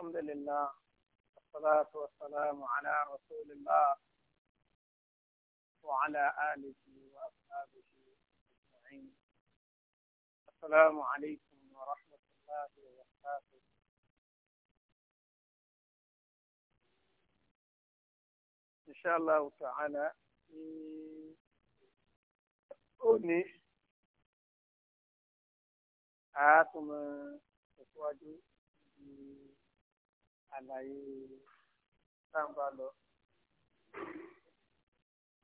الحمد لله والصلاة والسلام على رسول الله وعلى آله وأصحابه أجمعين السلام عليكم ورحمة الله وبركاته إن شاء الله تعالى أني àátùmọ̀ أتواجد àlàyé táǹbà lọ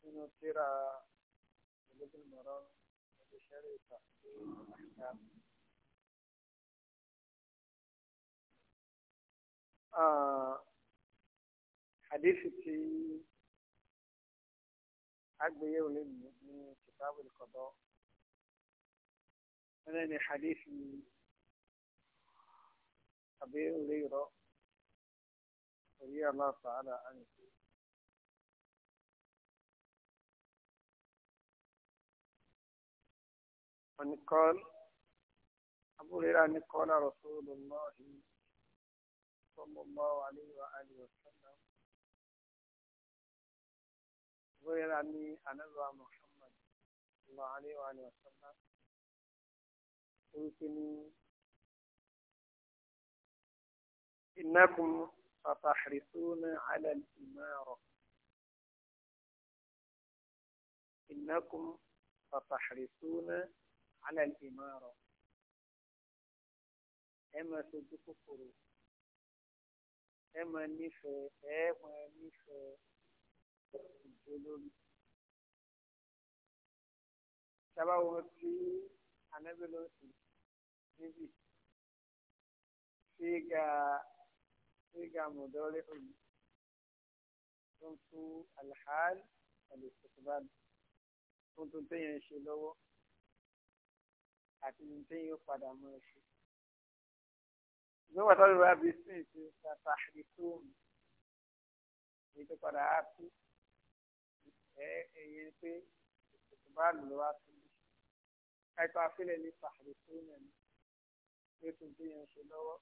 nínú tíra ìlógún mọ̀rọ́ ìṣẹ́rẹ́ ìta àṣà. Hadithi tí agbèyẹ̀wò lè mú ní kìtàbù ìkọ̀dọ́. Wọ́n ní hadithi àbí òlè رضي الله تعالى عنه من قال أبو هريرة قال رسول الله صلى الله عليه وآله وسلم أبو هريرة أنا محمد صلى الله عليه وآله وسلم يمكن إنكم فتحرصون على الإمارة إنكم فتحرصون على الإمارة أما تدكفروا أما نفى أما نفى الجلول سبب في أنا بلوتي نبي فيك صيغة مضارع تنصو الحال والاستقبال tuntun téèyàn ń ṣe lọ́wọ́ àti ní téèyàn ó padà mọ́ ẹ ṣe. ìgbéwà tó lè wá bí sìn ṣe tata ìtòòmù èyí tó padà á kú ẹ̀yẹ pé ìṣètò bá lò lọ́wọ́ àtúndì. káìtọ́ afílẹ̀ ní tàhìrì tó nà ní pé tuntun téèyàn ń ṣe lọ́wọ́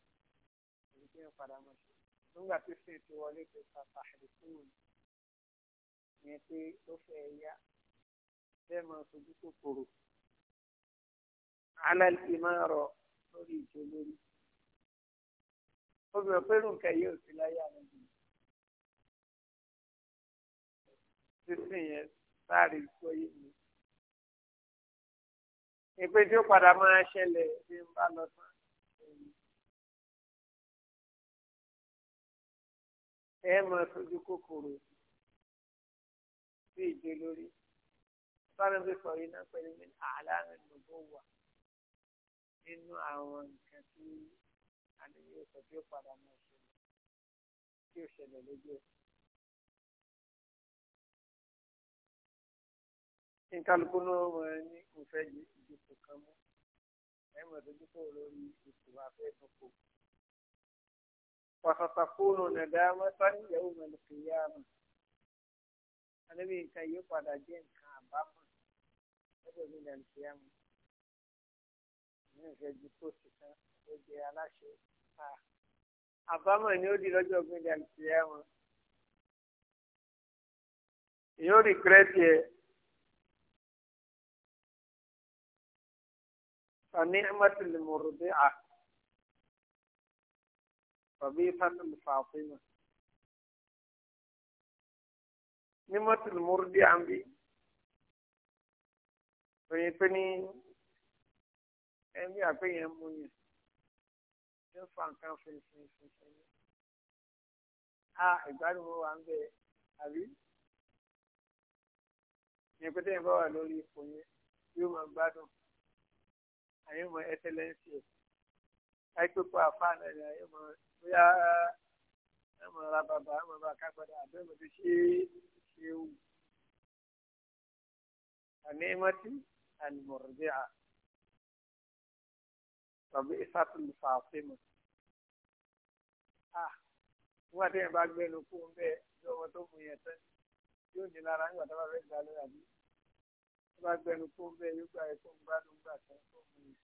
èyí téèyàn padà mọ́ ṣe nígbà tó sì ti wọlé tó pàpà àdìsúwòn yẹn pé ó fẹ́ yá bẹ́ẹ̀ máa fojú kòkòrò alálẹ́ máa rọ lórí ìjọ lórí obìnrin pẹ̀lú nǹkan yìí ò sí láyé àwọn ènìyàn sísìn yẹn sáré gbọ́ yìí ni ìpè tí ó padà máa ṣẹlẹ̀ bí n bá lọ tán. ẹ máa sojú kòkòrò sí ìjẹ lórí sáré bí sọ yìí náà pẹ̀lú mi àlàáfíà gbogbo wà nínú àwọn nǹkan tí àníyàn sọ tí ó padà máa ṣẹlẹ̀ tí ó ṣẹlẹ̀ lójú ẹ̀. kí n kálukú náà mọ ẹ ní òfẹ́ yìí ìdìbò kan mú ẹ mọ̀ dojú kò lórí ètò afẹ́dùnkò wàsàtàkùnù nàdámà sani yahoo malikiyama alẹ́bí nǹkan yìí padà jẹ́ nǹkan àbámọ̀ lọ́dọ̀ ní malikiyama ní ìṣẹ́jú pósì kan ó jẹ́ aláṣẹ ta àbámọ̀ ni ó di lọ́jọ́ ọ̀gbìn malikiyama yóò rìgírẹ́tì فنعمة المرضعة ربيعة بن نمت المرضي عم بي فيبني أمي أبي أمي ينفع كان في في في في آه إبراهيم هو عم بي أبي يبدأ يبغى لولي فوني يوم أبادو أيوم أتلنسي أيكو أفانا أيوم bóyá ẹmọ ara bàbá ẹmọ ara kágbádá àbẹ́mọ̀tò ṣe ṣe wù. ànímọ́tì àlùmọ̀rọ̀dẹ́à tàbí ìsàtúlù fàáfímù. Ah, nígbà tí yẹn bá gbẹnu kú ń bẹ bí ọmọ tó mú yẹn tán yóò ní lára nígbà tó bá fẹ́ gbà lóyà bí tó bá gbẹnu kú ń bẹ yóò gbà yẹ gbádùn gbà tán tó mú yẹn.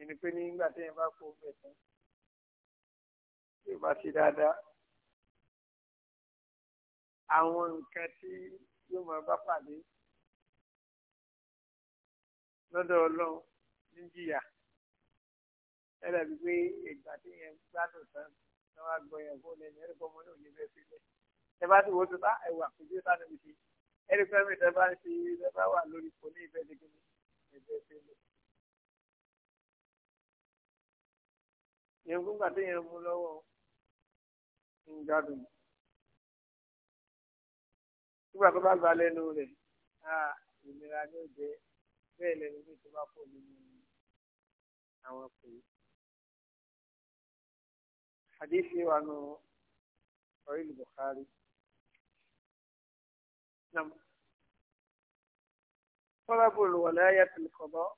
ìní pé nígbà tí yẹn bá kú ń bẹ tán tí o bá ṣe dáadáa àwọn nǹkan tí yóò máa bá pàdé lọ́dọ̀ ọlọ́run ní jìyà ẹlẹ́bi pé ìgbà tí yẹn gbádùn tán ni wọ́n á gbọ́ yẹn fún ẹ̀yìn ẹ̀rí kọ́ ọmọ náà ní bẹ́ẹ̀ sílẹ̀ ẹ bá ti wo tó bá ẹwà kò dé sáré mi sí ẹ̀rí pẹ́ mi tẹ́ bá ń ṣe ẹ bá wà lórí kò ní ìfẹ́ dégé ní ẹ̀bẹ́ sílẹ̀. yẹn fún gbàtẹ́ yẹn mú lọ́wọ́ ń gbádùn nígbà tó bá gba lẹ́nu rẹ̀ náà ìlera ní òde bẹ́ẹ̀ lẹ́nu ní tó bá pọ̀ nínú àwọn pè é. Hadithi wa nu Sahih Bukhari. Nam. طلب الولاية في القضاء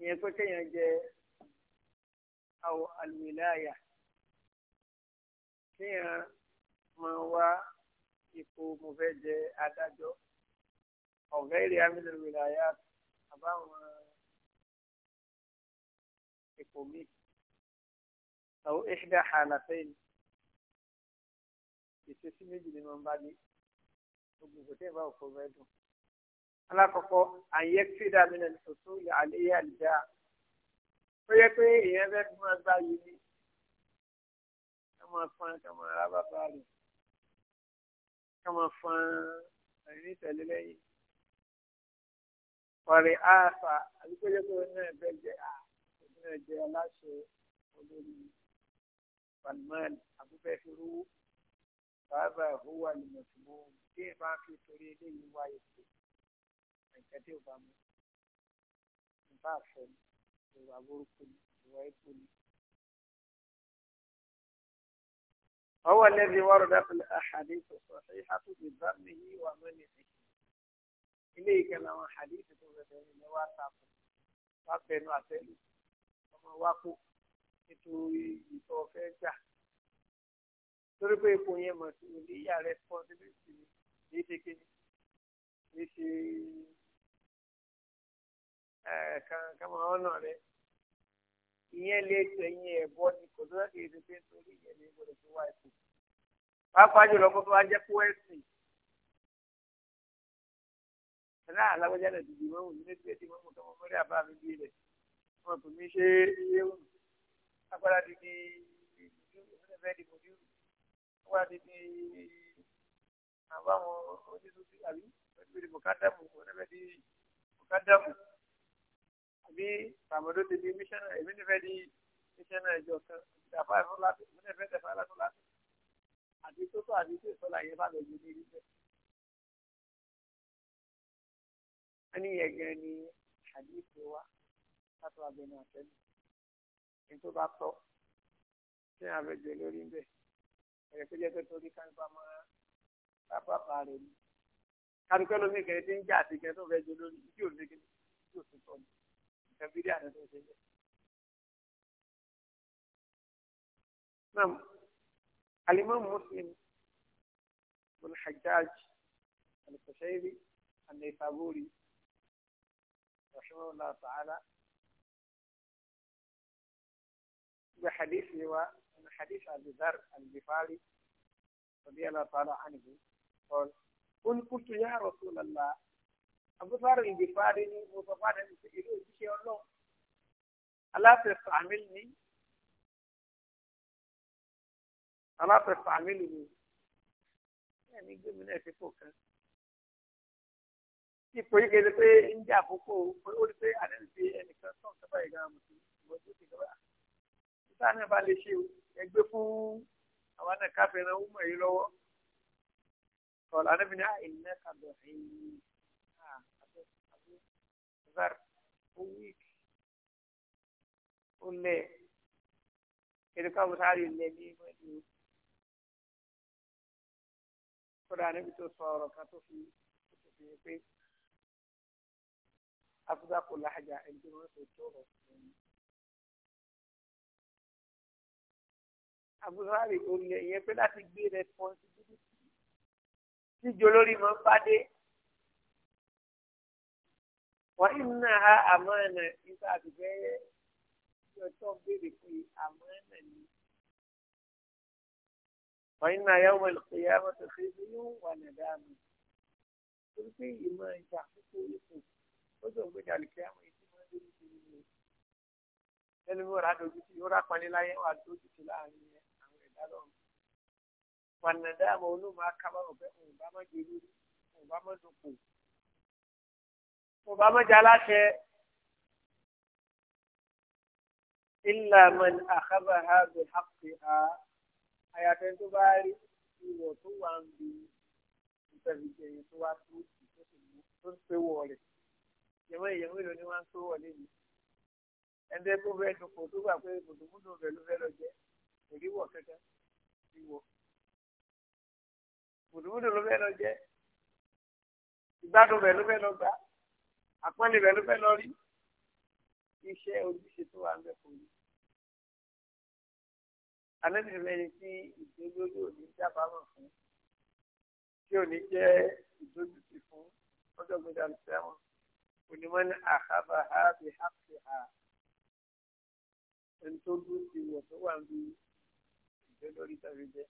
ìyẹn pé kéèyàn àwọn àlùmíláyà kéèyàn máa wá ipò mo fẹ́ jẹ adájọ́ ọ̀gá èrè amílẹ̀lùmíláyà àbáwọn ipò míì àwọn ìṣẹ̀dá àlàfẹ́yìn ìṣesí méjì ni wọ́n bá dé gbogbo ìgbòtẹ́ ìbá òkú rẹ̀ dùn. alákọ̀ọ́kọ́ àyẹ́kí dàmínà tuntun yà àléyé àlìjá ó yẹ pé èèyàn fẹ́ fi máa gbá yìí ní ká máa fan ká máa rá bàbá rẹ̀ ká máa fan ẹ̀yìn ìtẹ̀lé lẹ́yìn ọ̀rẹ́ àfà àdúgbò yẹ pé náà bẹ́ jẹ́ à náà jẹ́ aláṣẹ olórí Salman abúfẹ́fẹ́rú bàbá ìhùwà lùmọ̀tìmọ̀ tí ẹ bá fi torí eléyìí wáyé pé ẹ̀kẹ́ tí ò bá mú nípa àfẹ́ mi ìwà burúkú ni ìwà ikú ni. هو الذي ورد في الأحاديث الصحيحة بذمه ومنعه إليه كما حديث تبدأ لواتاب وابن واتل وما واقو nítorí ìtọ́ fẹ́ gbà torí pé ipò yẹn mọ̀ sí oníyà responsibility ní ṣe kéde ní ṣe kan kama ọ̀nà rẹ̀ ìyẹn lè tẹ̀yìn ẹ̀bọ ni kò tó láti èdè pé nítorí ìyẹn lè gbọdọ̀ tó wá ẹ̀sìn. pàápàá jùlọ kó tó wá jẹ́ kó ẹ̀sìn. ẹ̀rọ alágbèjà náà dìde mọ́mù ní létí èdè mọ́mù tó wọ́n mọ́rí àbá mi bí rẹ̀ wọ́n kò ní ṣe é wù. agbára di di ìdíjú ìfúnẹ̀fẹ́ di mojú agbára di di àwọn ojútùú àbí ìfúnẹ̀fẹ́ di mọ̀kádàmù ìfúnẹ̀fẹ́ di mọ̀kádàmù àbí tàmọdó ti di míṣánná èmi ní fẹ́ di míṣánná ìjọ kan ìdàpá ẹ̀fọ́ láti èmi ní fẹ́ tẹ̀fọ́ ẹ̀fọ́ láti àti tó tó àti tó ìfọ́lá yẹn bá lọ́ọ́ gbé níbẹ̀. wọ́n ní yẹn gan ni àdéhùn wa látọ̀ abẹnú àtẹ́lẹ̀ ní tó bá tọ́ tí a fẹ́ jẹ lórí ń bẹ̀ ẹ̀rẹ̀ tó jẹ́ pé torí káńpá máa pápá rẹ̀ ni kárùkẹ́ lómi kẹ́rin tí ń jà àti kẹ́rin tó fẹ́ jẹ lórí tí ò نعم الإمام مسلم بن الحجاج القشيري النيسابوري رحمه الله تعالى بحديثه من حديث أبي ذر البفاري رضي الله تعالى عنه قال قل قلت يا رسول الله abúlé ìdìparí ní gbogbo padà ní ìlú òjíṣẹ́ ọlọ́run aláfẹ̀fẹ̀ àmìlì ní aláfẹ̀fẹ̀ àmìlì ní ẹ̀ ní gómìnà ẹ̀sìn pò kan ipò yìí kele pé ń jẹ́ àkókò ó rí pé àdéhùn sí ẹnìkan tó ń sábà ìgbà mùsùlùmí ìwọ tó ti gbà títà náà bá lè ṣe o ẹgbẹ́ fún àwọn náà káfíńrán ó mọ̀ yìí lọ́wọ́ ọ̀là níbi ní àìní ẹ̀yìn zar ó weak ó lẹ̀ kéde káwọn sáré lẹ̀ ní ìmọ̀jú kódà níbi tó sọ ọ̀rọ̀ kan tó fi tó fi pé afúdá kò láàjà ẹni tí wọ́n ṣe tó rọ̀ yẹn pé láti gbé responsibility tíjọ lórí mọ́ bá dé wọ́n iná àmọ́ ẹ̀nà nígbà àdìgbẹ́ tí ọjọ́ béèrè pé àmọ́ ẹ̀nà ni. wọ́n iná yawm al-qiyamah tó fi ní wà nàdá mi. torí pé ìmọ̀ ìjà àkókò ipò ó dùn gbé dàlù àwọn èsì máa lórí ìṣòro rẹ̀. ẹni mi ò rà dojú sí ó rà wà dojú sí láàrin àwọn ẹ̀dá lọ́rùn. wà nàdá mi ọba mẹ́jọ aláṣẹ ilà mẹ́ni àkábà ha bẹ hàpẹ ha àyàfẹ́ tó bá rí ìwọ̀ tó wà ń bi ìtẹ̀lẹ́jẹ̀ yẹn tó wá tó tó ń pé wọlé ìyẹ̀wò ìyẹ̀wò ìlú ni wọ́n ń pé wọlé yìí ẹ̀ńdẹ́ tó fẹ́ dùn tó gbà pé mùtùmùtù rẹ̀ ló fẹ́ lọ jẹ́ ìríwọ̀ kẹ́kẹ́ ìwọ̀ mùtùmùtù ló fẹ́ lọ jẹ́ ìgbádùn rẹ̀ ló fẹ́ lọ gbà àpọ́nlé rẹ̀ ló fẹ́ lọ rí iṣẹ́ ojúṣe tó wà ń bẹ̀ fún mi. Àlejò lẹ́yìn tí ìdólórí ò ní dábàámọ̀ fún tí ò ní jẹ́ ìdójútì fún ọjọ́ gbọ́dọ̀ àlùfẹ́wọ̀n onímọ̀ ní àhábà hábì hábì hà ẹni tó dúró ti wọ̀ tó wà ń bí ìdólórí tàbí jẹ́.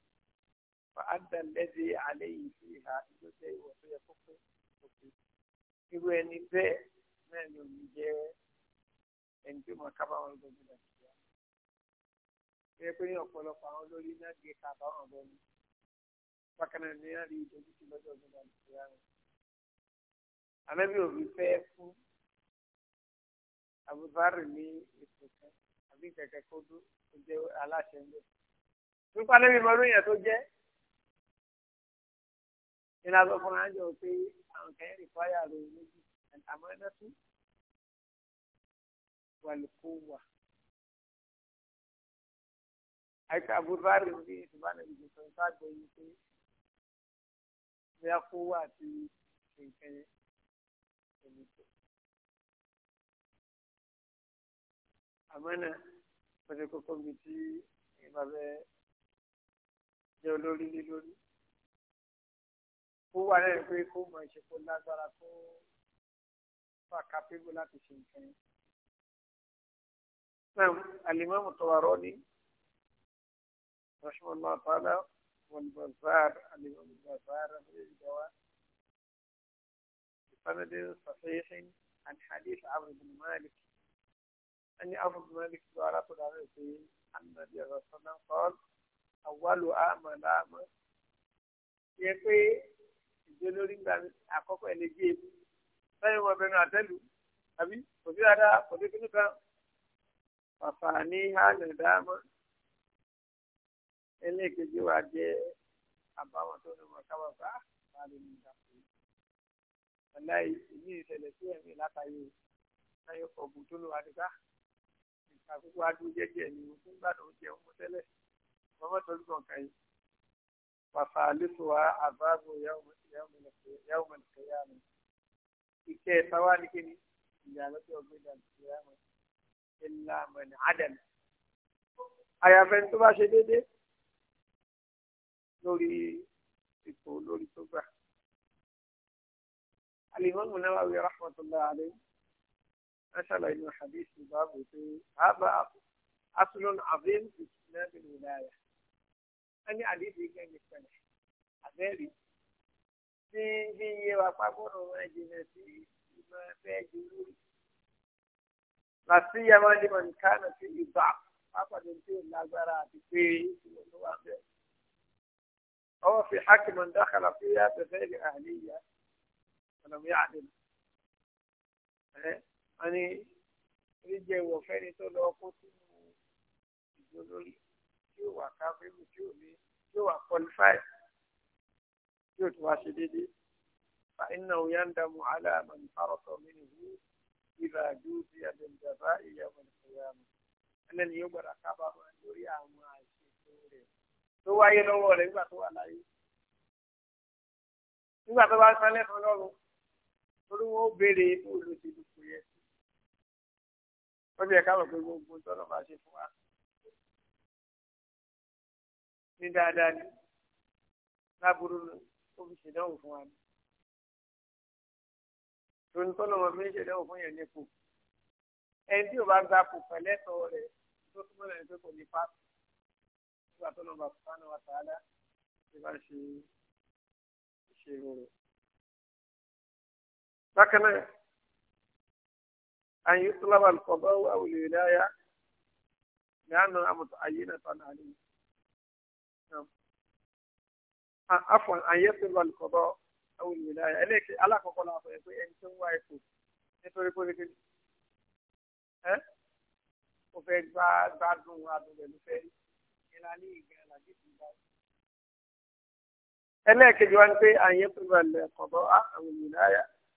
فأدى الذي عليه فيها إذا جاء وفي فقه irú ẹni bẹ́ẹ̀ náà ni òun jẹ́ ẹni tó mọ kábàámọ̀ lọ́jọ́ ìgbà tó yá. Ṣé pé ní ọ̀pọ̀lọpọ̀ àwọn olórí náà gbé kábàámọ̀ bọ́ ni? Bákan náà ni wọ́n rí ìdójú sí lọ́jọ́ ìgbà tó yá. Ànábì òbí fẹ́ fún Abubakar ní ètò kan àbí kẹ̀kẹ́ kó dún tó jẹ́ aláṣẹ ń bẹ̀. Nípa lórí ìmọ̀lúyàn tó jẹ́ nínú aṣọ fún ránjọ pé àwọn kẹyìn lè fáyà rẹ lójú àmọ́ o tún wà lóko wà. àìsí àbúrò rẹ bí ìdìbànú ìdìbò ìta gbọ yìí pé bóyá kó wà àti nǹkan que pẹ̀lú tó. àmọ́ náà wọ́n ti kókó bíi tí ìbá bẹ́ẹ̀ jẹ́ olórí lé lórí. ó wà rẹ̀ pé kó mọ̀ ṣe kó lágbára tó fà kápébù láti ṣe nǹkan yẹn. náà alimami Tabarani rahimahullah ta'ala wal Bazzar alimami Bazzar àbúrò بسند صحيح عن حديث عمرو بن مالك أن عمرو بن مالك زارت العزيز عن النبي صلى الله عليه وسلم قال أول أعمى الأعمى يقول ìjẹ lórí gbà mí àkọ́kọ́ ẹ̀ lè gbé ebi sẹ́yìn wọ ọbẹ̀ náà àtẹ́lù àbí kò sí dada kò sí kíní kan pàpà ní hàlẹ̀ dáàmọ́ ẹlẹ́ẹ̀kejì wà jẹ́ àbáwọn tó ní wọn káwọn bá bá lè ní ìjà fún mi. ọ̀la ìní ìṣẹ̀lẹ̀ sí ẹ̀mí látàyè láyé ọ̀gùn tó lò wá nígbà nǹkan gbogbo adúgbò jẹ́jẹ́ ni mo fún gbàdúrà jẹun mọ́tẹ́lẹ̀ mọ́mọ́tò olùkọ̀ọ̀kan yìí. وثالثها عذاب يوم يوم يوم القيامة إيه ثواني كني يوم القيامة إلا من عدم أيا فين تبا شديد نوري يقول نوري تبا الإمام النووي رحمة الله عليه مثلا إنه حديث باب هذا أصل عظيم في كتاب الولاية ẹni àdéhùn ìgbẹ́ mi pẹ̀lẹ́ àbẹ́rì tí bí iye wa pápọ̀nù máa jìnà sí ìmọ̀ ẹgbẹ́ ju lórí. Làtúnyà máa ń dìbò nìkan sí ìgbà pápọ̀nù tí ò lágbára àti pé ìwọ̀n ló wà bẹ́ẹ̀. أو في حكم دخل فيها بغير أهلية ولم يعلم يعني رجع وفاني تقول له قلت له tí ó wà káfíìmù tí ó ní tí ó wà qualify tí ó ti wá ṣe déédéé fa iná òun yáń dàmú aláàmà ní fárọ̀tọ̀ mi nìyí ìlà àdúgbò àdéǹdàbá ìyàwó ìfẹ̀yàmù ẹlẹ́ni yóò gbọ́dọ̀ kábàámọ̀ lórí àwọn àṣìṣe rẹ̀ tó wáyé lọ́wọ́ rẹ̀ nígbà tó wà láyé nígbà tó bá ń sanlẹ̀ fún lọ́rùn torí wọn ó béèrè olùdíje kò yẹ sí. ó jẹ́ káwọn pé gbogbo tọ́lọ̀ bá ṣe fún wa ní dáadáa ni láburú ó fi ṣèdánwò fún wa ni tòun tó lọ́mọ fi ń ṣèdánwò fún yẹn nípò ẹni tí ò bá gba kò pẹ̀lẹ́ tọ́ rẹ̀ tó túmọ̀ lẹ́yìn pé kò ní pa nígbà tó lọ́mọ bàbá náà wà tààdá tí bá ṣe ìṣirò rẹ̀. bákan náà àyè tó lábàlùkọ́ bá wà wùlé láyà lẹ́yìn àmọ̀ àyè náà tó àná àlejò afọn àyẹ̀sìn lọ lùkọ́dọ̀ àwọn olùwìlà ẹlẹ́kẹ̀ alákọ̀ọ́kọ́ náà sọ pé ẹni tó ń wá ipò nítorí pólíkì ẹ́ ó fẹ́ gbá gbádùn adùn rẹ̀ ló fẹ́ ìlànà ìgbẹ́ àlàjì tó ń bá yìí. ẹlẹ́ẹ̀kejì wá ní pé àyẹ̀sìn lọ lùkọ́dọ̀ àwọn olùwìlà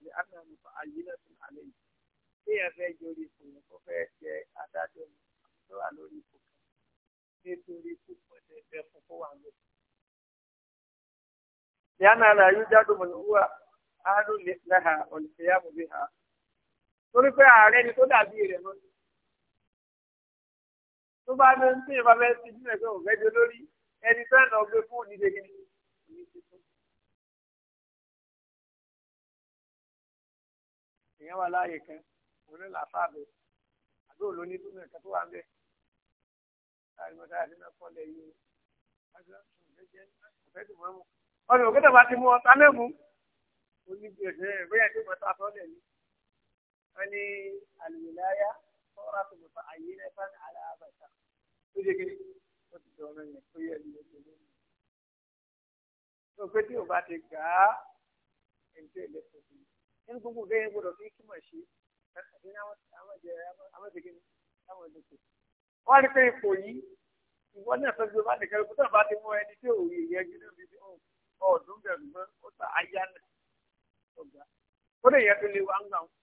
ni a nà nípa àyílẹ̀sìn àlẹ́ yìí kí ẹ fẹ́ jẹ́ orí ipò yẹn kó fẹ́ jẹ́ adájọ́ nítorí púpọ̀ dẹ̀dẹ̀ fún kó wà lọ. Yánà la yóò jáde mọ̀ níwá áàrù lẹ́hà ọ̀lùfẹ́yàmù bí ha. Torí pé ààrẹ ni tó dàbí rẹ̀ mọ́. Tó bá ní tí ìfà fẹ́ ti jí lórí àgbàdo àti nàkọlẹ̀ yìí ọ̀nà òkúta bá ti mú ọta mẹ́mú oníbi ẹ̀sẹ̀ bóyá tí wọ́n ta sọ́lẹ̀ yìí wọ́n ní àlùmíláyà ọ̀rọ̀ tó mọ̀ta àyè náà fún aláàbàtà tó ṣe kéde ó ti dọ̀rọ̀ yẹn tó yẹ ní oṣù lónìí. tó pé tí o bá ti gà á ẹni tó ilé tó fi nínú gbogbo bẹ́ẹ̀ gbọ́dọ̀ fi kí mọ̀ ṣe àti ní àwọn ìjẹ́ àwọn ìjẹ́ kéde àwọn ìjẹ́ kéde wọ́n á rí pé ipò yìí ìwọ náà fẹ́ gbé báyìí kẹrin kótó àbá ti mú ẹni tí òun yìí yẹn gírí mi ní ọ̀ọ́dún bẹ̀rù mọ́ ó ta aya náà ọ̀gá ó lè yẹ tó lé wa ń gbà wọn.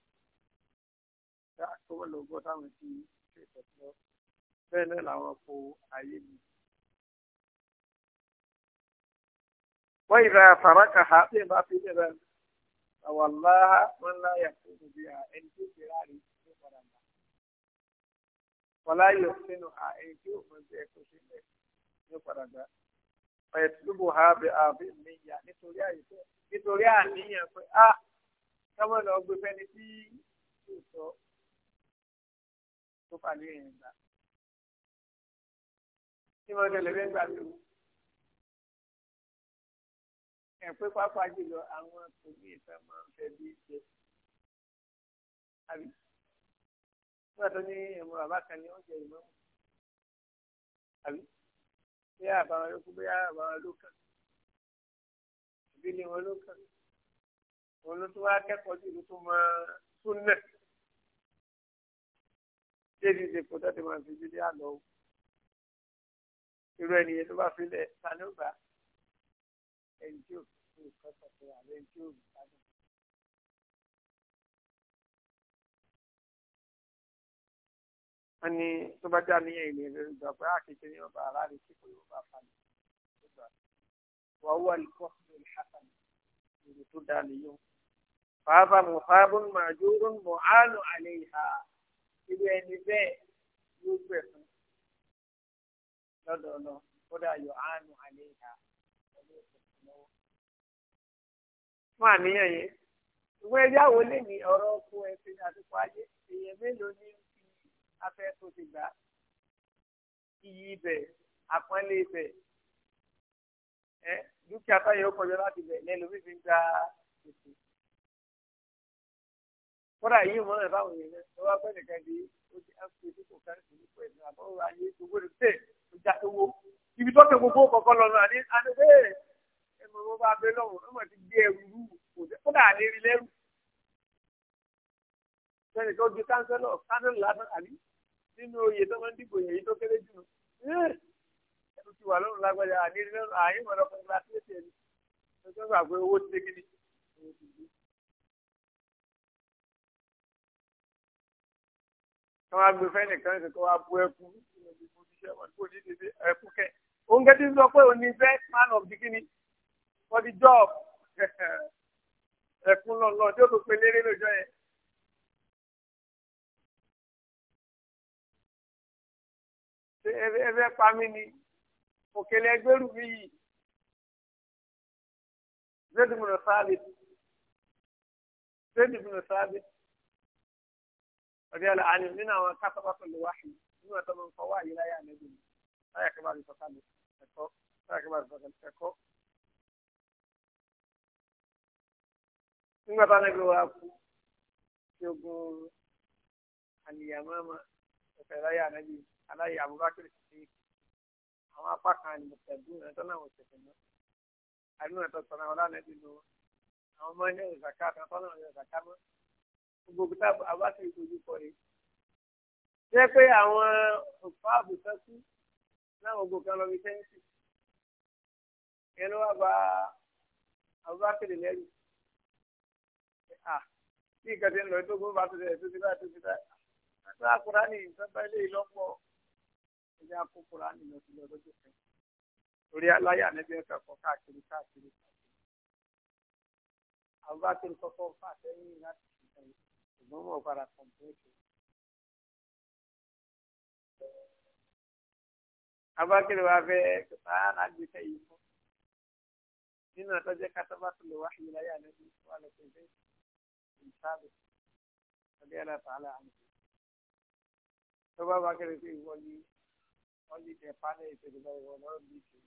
ṣá tó wọ́n lọ gbọ́ táwọn ti ṣe ìtọ́jú bẹ́ẹ̀ náà làwọn kó ayé mi. wọ́n ìrà àfàràkà ha bí ẹ bá fi lè rẹ̀ àwàlá wọn láyà tó tóbi à ẹni tó fi ráàrí tó padà mọ́ wọlá yọ sínú ha èyí tí òfin ti ẹ̀kọ́ sí ilẹ̀ ní padàgbà ọyẹ tí gbogbo ha bẹ àbí mi yà nítorí àyíkẹ nítorí àníyàn pé a ah, káwọn lọ gbé fẹni tí yóò sọ tó fàlẹ yẹn gbà tí mo tẹ́lẹ̀ bẹ gbà tó ẹ pápá jùlọ àwọn tòbí ìfẹ́ máa ń fẹ́ bí ṣe àbí nígbà tó ní ẹ̀mọ́ bàbá kan ní oúnjẹ ìmọ̀ àbí bí àbáwọn ló kú bí àbáwọn ló kàn àbí ni wọn ló kàn òun ló tún wá kẹ́kọ̀ọ́ sí ìlú tó mọ súnà débi ìdèpò tó ti máa fi dídí àlọ́ o irú ẹnìyẹn tó bá filẹ̀ ta ni ó ẹni tí ò fi nǹkan sọ̀tẹ̀ àbẹ́ ẹni tí ò gbà dùn. wọn ní tó bá já níyẹn ilé rẹ gbà pé àkékè ah, ní ọba ara rẹ kíkọ yóò bá fa ní ìgbà wà ó wà lùkọ́ fún mi hasan èrè tó dáa nìyó fàáfà mùfàábùn màjúrún mùhánù àlè ìhà irú ẹni bẹ́ẹ̀ yóò gbẹ̀ fún lọ́dọ̀ lọ kódà yóò hánù àlè ìhà ọlọ́ọ̀ fún àníyàn yẹn ìwé ẹjọ́ àwọn olè ní ọ̀rọ̀ ọkùnrin ẹ̀sìn àtìkọ́ ajé èèyàn mélòó ní afẹ́ tó ti gbà iyì ibẹ̀ àpọ́nlé ibẹ̀ ẹ dúkìá táyà ó kọjọ láti bẹ̀ lẹ́nu fífi ń gba ètò kódà yìí mọ ẹ báwọn yẹn lọ wá pẹ́ nìkan di ó ti ẹ́fù tí kò kárí sí nípa ẹ̀sìn àbọ̀ ayé gbogbo rẹ̀ tẹ̀ ó já owó ibi tó tẹ gbogbo kọ̀ọ̀kọ́ lọ nù àní àní bẹ́ẹ̀ ẹ̀ mọ̀ bá bẹ́ẹ̀ lọ́wọ́ ẹ̀ mọ̀ ti gbé ẹrù rú kódà àní rí lẹ́rù sẹ́ni tó di kánsẹ́lọ̀ kánsẹ́lọ̀ lásán àbí nínú oyè tó máa ń dìbò yẹn yìí tó kéré jù eh! ẹnu ti wà lọ́rùn lágbájá àníyàn lọ́rùn àyè mọ̀ lọ́kùn ìgbà tí ó ti ẹni tó tó gbà pé owó ti dé kíní. àwọn agbèfẹ́ nìkan ṣe kó wa bu ẹkú ẹkú kẹ oúnjẹ tí ń sọ pé òní best man of the kíní for the job ẹkú lọ́nà tí ó tó pe lérè lójọ́ yẹn. ẹ fẹ́ pa mí ni òkèlè ẹgbẹ́rù mi yìí zéèdì múnà sáàbì zéèdì múnà sáàbì ọ̀dẹ́ àlẹ́ àní nínú àwọn kásábàtà lè wáhì nínú ẹ̀tọ́ máa ń kọ́ wáyé láyé àlẹ́gbẹ̀ mi láyé kí n bá rí sọ́kà lè ẹ̀kọ́ láyé kí n bá rí sọ́kà lè ẹ̀kọ́. nígbà táwọn ẹgbẹ́ wa kú ṣe ogun àlìyàmọ́ ẹ̀fẹ̀ láyé àlẹ́gbẹ̀ mi aláyé Abubakar ṣe àwọn apá kan àlùmọ̀tẹ̀dún ẹ̀ tọ́lá àwọn òṣèlú náà àdúrà tó sọ̀rọ̀ àwọn aláàánú ìlú àwọn ọmọ ilé ìzàká àtàwọn tọ́lá àwọn ìzàká mọ́ gbogbo tá Abubakar ìtòjú kọ rèé jẹ́ pé àwọn òfò àbùsọ̀ sí láwọn gbogbo kan lọ fi sẹ́yìn ẹnu wa ba Abubakar lẹ́rù bí nǹkan ń lọ ìdógún bá tó ṣe tó ti bá tó ti bá tó àkùrá ní ìtọ́jú ilé ìlọ́pọ̀ ẹja kó kúránì lọ sí lọ́dọ́jọ́ kan torí aláyà níbi ẹ̀ka kọ káàkiri káàkiri káàkiri àwọn bá tó ń kọ́kọ́ fà sẹ́yìn láti ṣùgbọ́n ṣùgbọ́n mọ̀ padà kọ̀m̀pútà. abakiri wa fẹ́ sahara kata yìí fún nínú àtọ́jẹ́ kátábàtú lè wá ìlà yà lẹ́nu wà lẹ́sẹ̀ bẹ́ẹ̀ ìsáàbẹ̀ ọdẹ ẹ̀rọ tààlà àná. tó bá bakiri sí ìwọ only can panel is very well, not meeting.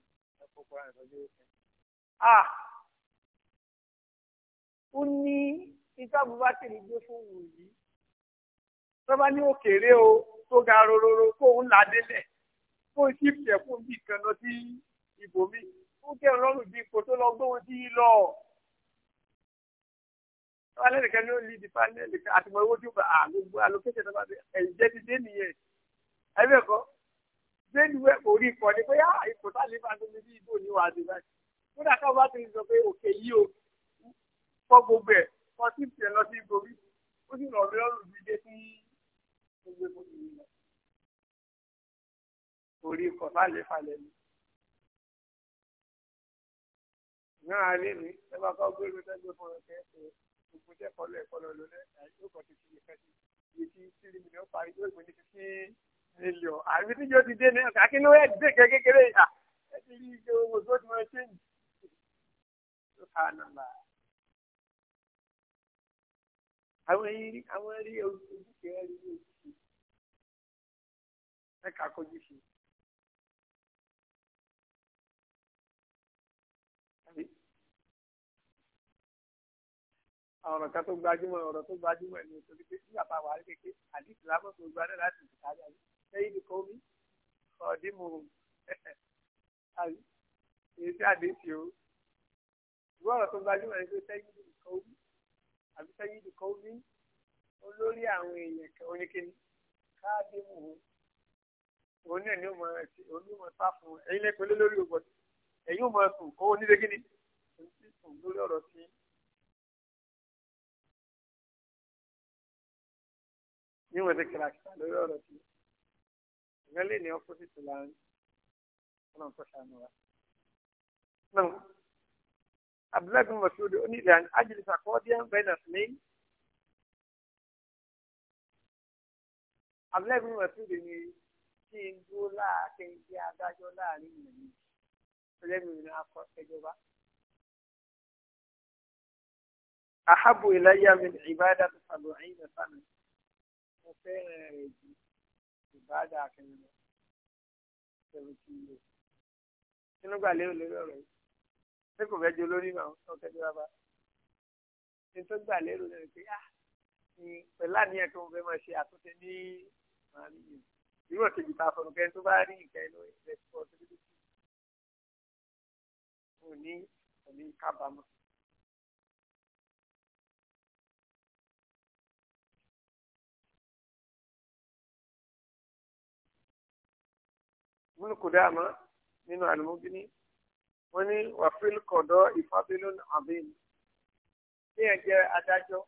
Ah! ó ní ìtàbù bá tèmi gbé fún òun yìí tó bá ní òkèèrè o tó ga rororo kó òun là kó o sì fẹ̀ fún bí kan lọ sí ibòmí ó kẹ́ ọlọ́run bí ipò tó lọ gbóhùn sí lọ. Tọ́lá nìkan ni ó lè di panẹ́lì àtìmọ́ owó tí ó bá gbogbo àlòkéṣẹ̀ tó bá bẹ̀ ẹ̀jẹ̀ ti dé nìyẹn. Ẹ bẹ́ẹ̀ kọ́ rélùwẹ̀ kò rí kọ́ ni pé á ipò tá lè bá gbé ní ibò ní wàá dìbà kódà káwọn bá ti sọ pé òkè yìí o fọ́ gbogbo ẹ̀ fọ́ sí ìpìlẹ̀ lọ sí ìborí ó sì rọ̀ mí lọ́rùn dídé sí gbogbo ìbò yìí lọ. kò rí kọ́ tá lè falẹ̀ ni. ìran àárẹ̀ mi ẹ bá kọ́ gbé mi sẹ́gbẹ́ fún ọ̀rọ̀ kẹ́kẹ́ gbogbo jẹ́ kọ́lọ́ ẹ̀kọ́ lọ lọ́lẹ́ yóò kọ́ ti fi ìfẹ́ sí iye tí mi ni nílò àbí níjó ti dé ní akínú ẹ̀ dé kékeré yà ẹ ti rí ike owó tó ti máa ṣe yìí. Subhanallah. Àwọn eré àwọn eré ojúṣe ẹ̀ rí ojúṣe. Ẹ kà kọjú sí i. ọ̀rọ̀ kan tó gbajúmọ̀ ọ̀rọ̀ tó gbajúmọ̀ ni nítorí pé nígbà tá a wà á kéke àdìsí lábọ̀ tó gbadé láti ìtàlẹ́ àdìsí sẹ́yìn nìkan mi ọ̀dí mo èyí tí àdé ti o ìwé ọ̀rọ̀ tó gbajúmọ̀ ni pé sẹ́yìn nìkan mi àbí sẹ́yìn nìkan mi olórí àwọn èèyàn kan oníkíní káàdé mo òun náà ni ó mọ òun ni ó mọ sá fún ẹ̀yin lẹ́pẹ́ lórí ògbọ́n ẹ̀yin ò mọ sùn kó o ní légíní òun sì sùn lórí ọ̀rọ̀ sí i. níwọ̀n ti kìlà kìlà lórí ọ̀rọ̀ sí i ìyẹn lè ní ọ́pọ́sìtì láàrin ọlọ́run tó ṣàánú wa. abdullahi bin masoud onílẹ̀ ajínigbà kọ́ọ́díà bẹ́ẹ̀nà ní. abdullahi bin masoud ni kí n dúró láàkín bí adájọ́ láàrin ìlú lẹ́nu ìlú akọ ìjọba. ahabu ilayya min ibadati sabu'ina sana mo fẹ́ràn rẹ̀ jù ìbáàdà akẹ́yìn lọ seventy years inú gbà lérò lórí ọ̀rọ̀ yìí ṣé kò fẹ́ jẹ olórí màá ọ̀kẹ́ tó bá ní tó gbà lérò lórí pé ah ni pẹ̀lú àníyàn tó ń fẹ́ máa ṣe àtúnṣe ní màálí yìí irú òkèjì ta fọ̀rọ̀ kẹ́ni tó bá rí nǹkan inú responsibility kò ní kò ní kábàámọ̀. ibn Qudama nínú al-Mughni wọ́n ní wàfíìl kọ̀dọ̀ ìfábílùn abim ní ẹ̀jẹ̀ adájọ́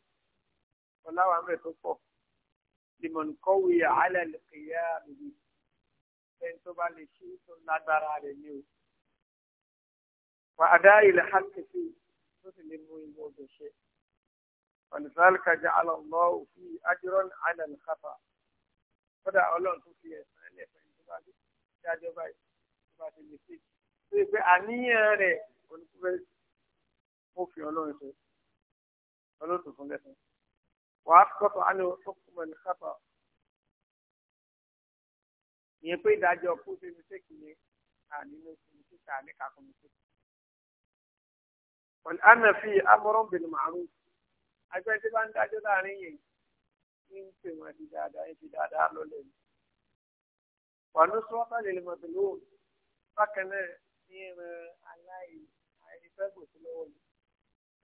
ọ̀làwàmẹ̀ tó pọ̀ lìmọ̀nkọ́wé àálẹ̀ lẹ́kẹ̀yà rèé ẹni tó bá lè ṣí tó lágbára rẹ̀ ní o. wà á dá ilẹ̀ hákìtì tó sì lè mú ìwọ ọdún ṣe. wàlùfáàlùkà jẹ́ àlọ́lọ́ òfin ajírọ́nù àlẹ́ lẹ́kàtà kódà ọlọ́run tó fi ẹ̀sán ẹlẹ́fẹ̀ẹ́ tó bá dé dájọ́ báyìí tó bá ti lè fi tó yẹ pé àníyàn rẹ̀ olùkúfẹ́ ó fi ọlọ́run ṣe ọlọ́run fún lẹ́sìn wà á kọ́tọ̀ á ní ọkùnrin ní kápá ìyẹn pé ìdájọ́ kó ṣe mistake yẹn àní ló ṣe mistake àní kakọ́ mistake. wọ́n á nà fi amọ́rọ́ bẹ̀rẹ̀ màrún agbẹ́sẹ̀ bá ń dájọ́ láàrin yẹn ń pè wọ́n di dáadáa ń fi dáadáa lọ́lẹ̀ yìí wàánu sọ́ọ́tà lè lè mọ̀tò lówó bákan náà ní ìran aláì àìfẹ́gbòsí lọ́wọ́ yìí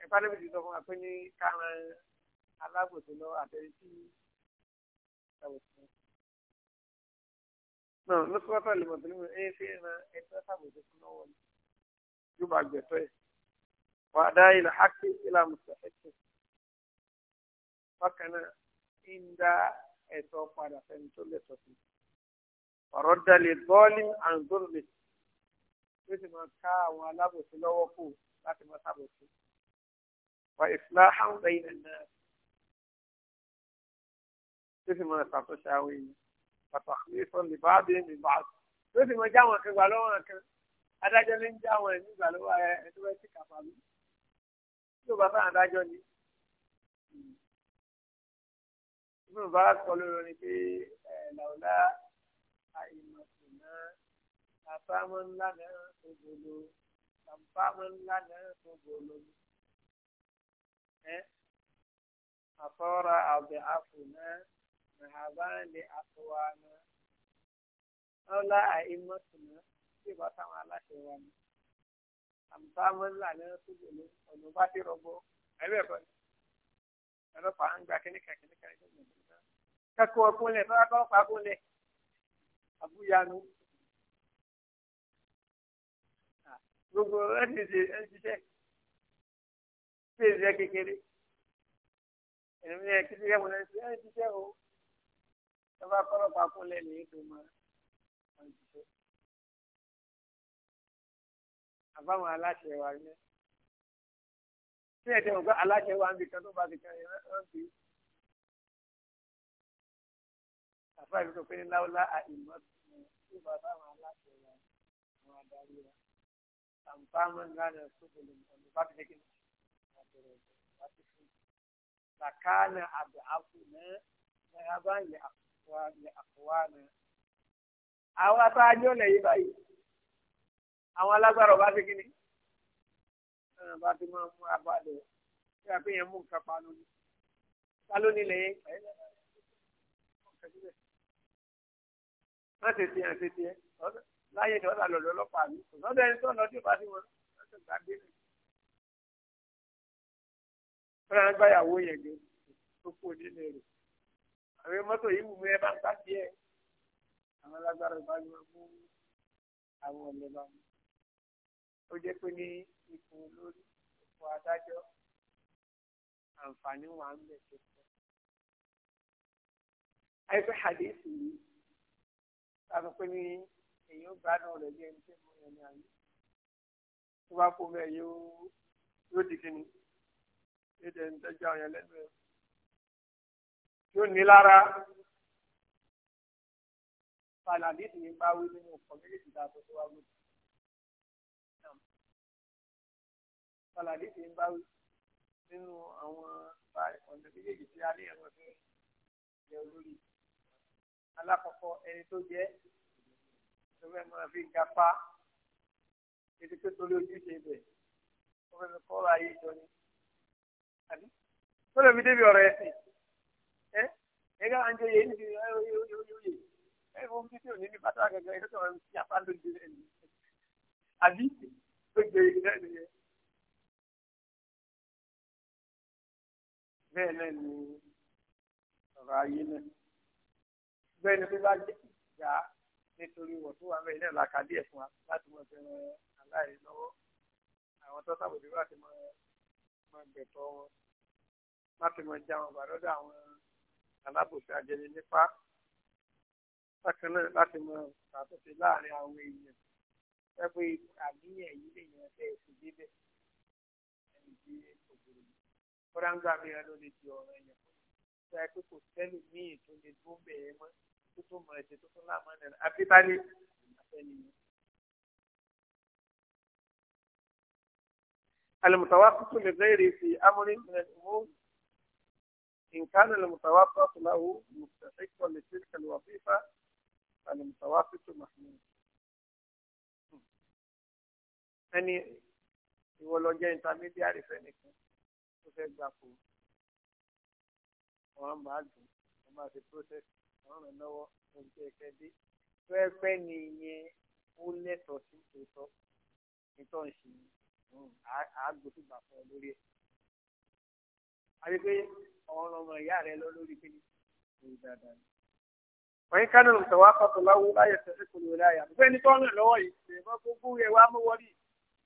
ẹ̀fá níbi tí sọ fún wa pé ní káran alágbòsí lọ́wọ́ àtẹ̀yìn tí àwòsí. náà ní sọ́ọ́tà lè mọ̀tò lówó ẹ̀yìn fi ìran ẹ̀fẹ́ sàbòsí fún lọ́wọ́ yìí yóò bá ọ̀rọ̀ dalẹ̀ bọ́ọ̀lì àǹdọ́rọ̀lẹ̀ tó sì máa ká àwọn alábòsí lọ́wọ́ kù láti máa sábòsí. wà ìfúláhàn lẹ́yìn ẹ̀nà tó sì máa ṣàtúnṣe àwọn èèyàn pàtàkì ìsọ̀lẹ̀ bá bẹ́ẹ̀ mi bá tó sì máa já àwọn akẹ́gbà lọ́wọ́ kan adájọ́ ló ń já ẹ̀mí ìgbà lọ́wọ́ ẹ̀ẹ́dẹ́ wẹ́ẹ́ ti kàfà mí tí ò bá fẹ́ adájọ́ ni. Ibùdó kọ lórí orin pé ẹ̀ làwùlá àìmọ̀sùnà àfáàmọ́ ńlá náà ògbòlò àfáàmọ́ ńlá náà ògbòlò ẹ́ àfọ́rọ̀ àbẹ̀ àfùnà nàhàbáńlé àfọwànà ọlá àìmọ̀sùnà tí ìbá táwọn aláṣẹ wa ni àfáàmọ́ ńlá náà ògbòlò ọ̀nà bá ti rọgbọ ẹ̀rọ ẹ̀kọ́ ni ẹ̀rọ pa ń gba kíníkà kíníkà ẹ̀jẹ̀ mọ̀ kíníkà kẹ́kọ̀ọ́ kúnlẹ̀ bá bá pa àbúyanu gbogbo ẹni ṣe ẹni ṣiṣẹ ṣe ìṣe kékeré ẹni ṣe kékeré ẹni ṣe ẹni ṣiṣẹ o ẹ bá kọlọpàá kó lẹnu ètò mọ ẹni ṣiṣẹ àbáwọn aláṣẹ wa ní ṣé ẹ̀jẹ̀ ògbà aláṣẹ wa ń bì kan tó bá ti kan yẹn rántí. àfáà ìlú pé láwùlá àìmọ́ tó bá báwọn aláṣẹ wa wọn adarí wa àǹfààní lánà sókòlù ọ̀nà bá bìí kékeré àbẹ̀rẹ̀ bá ti fún làkàna àbẹ̀ àfù náà náà bá yẹ àkùwá yẹ àkùwá náà. àwọn atájọ́ lẹ́yìn báyìí àwọn alágbára ọba ti kíni bá ti máa mú abáàlẹ̀ tí a fi yẹn mú nǹkan pa lónìí. ta ló nílẹ̀ yẹn? wọ́n ṣe tiẹ̀ ṣe tiẹ̀ láyé ni wọ́n là lọ́dọ̀ ọlọ́pàá mi kò sọ́dọ̀ ẹni tó ń lọ sí ìbá sí wọn lọ́sẹ̀ gbàgbé mi. wọ́n rán gbáyàwó yẹn gbé tó kú nínú rẹ̀ àwọn mọ́tò yìí wù mí ẹ bá ń kájí ẹ̀ àwọn alágbára ìbá ni wọ́n mú àwọn ọ̀lẹ́ bá mú. ó jẹ́ pé ní ikùn lórí ipò adájọ́ àǹfààní wà ń bẹ̀ tó pọ̀. àìsàn àdéhùn yìí tàbí pé ní èyí ó gbádùn rẹ̀ bí ẹni tí mo yàn ní àyè tó bá kó mẹ́ yóò yóò di kíni yóò dẹ̀ ń tẹ́jú àwọn yẹn lẹ́nu ẹ̀ yóò ní lára fàlàdé ìdíyẹ bá wí nínú kọ̀mílẹ́tì dàbọ̀ tó wá gbòdì fàlàdé ìdíyẹ bá wí nínú àwọn ọ̀nà méjèèjì tí a ní ẹ̀rọ fẹ́ jẹ́ olórí alákọ̀ọ́kọ́ ẹni tó jẹ́ tó fẹ́ máa fi gapá títí pé torí ojúṣe ibẹ̀ ó fẹ́ mi kọ́ ayé jọ ni. tó lè fi débi ọ̀rọ̀ ẹ̀sìn ẹ ẹ ká à ń jẹ yẹn níbi oyè ẹ fún mi tí ò ní ní gẹ́gẹ́ ẹ tó ń fi apá lóde rẹ ni àbí tó gbé e rẹ nìyẹn. bẹ́ẹ̀ náà ni ọ̀rọ̀ ayé náà fẹ́ ni tó bá yá nítorí wọ̀ tó wà mẹ́rin náà làkàdé ẹ̀ fún wa láti mọ̀ fẹ́ aláì lọ́wọ́ àwọn tó sábòdì láti mọ̀ gbẹ̀tọ̀ wọn láti mọ̀ já wọn bàdọ́dọ̀ àwọn alábòsí ajẹni nípa bákan náà láti mọ̀ ṣàtúnṣe láàrin àwọn èèyàn ẹgbẹ́ àníyàn yìí lè yàn fẹ́ èsì débẹ̀ ẹni tí òbòrò yìí kódà ń gbà mí ló lè di ọ̀rọ̀ ẹ̀yàn fún mi sọ pé kò sẹ́lù míì tó lè dún bẹ́ẹ̀ mọ́. المتوقف لغير في أمر من الأمور إن كان المتوقف له مستحق لتلك الوظيفة فالمتوقف محمود أني يقولوا جاي أنت ما بيعرف أنك تفيد جاكو وهم بعدهم وما في بروتكت wọ́n ràn lọ́wọ́ lórí tó ẹ̀fẹ́ dé tó ẹ̀fẹ́ ni ìyẹn ó lẹ́tọ̀ọ́ sí tòótọ́ nítọ́ ń ṣe àágbòsùgbà hmm. fún ọ lórí ẹ̀. àbí pé ọ̀ràn ọmọ ìyá rẹ lọ lórí kíni lórí dáadáa ni. wọ́n ká nínú tọ́wọ́ akọ́tọ̀ láwọ́ láyé tẹ̀sí kò lè láyà. bẹ́ẹ̀ ni tọ́rùn lọ́wọ́ yìí ṣèwọ́ gbogbo ẹ̀ wá mú wọlé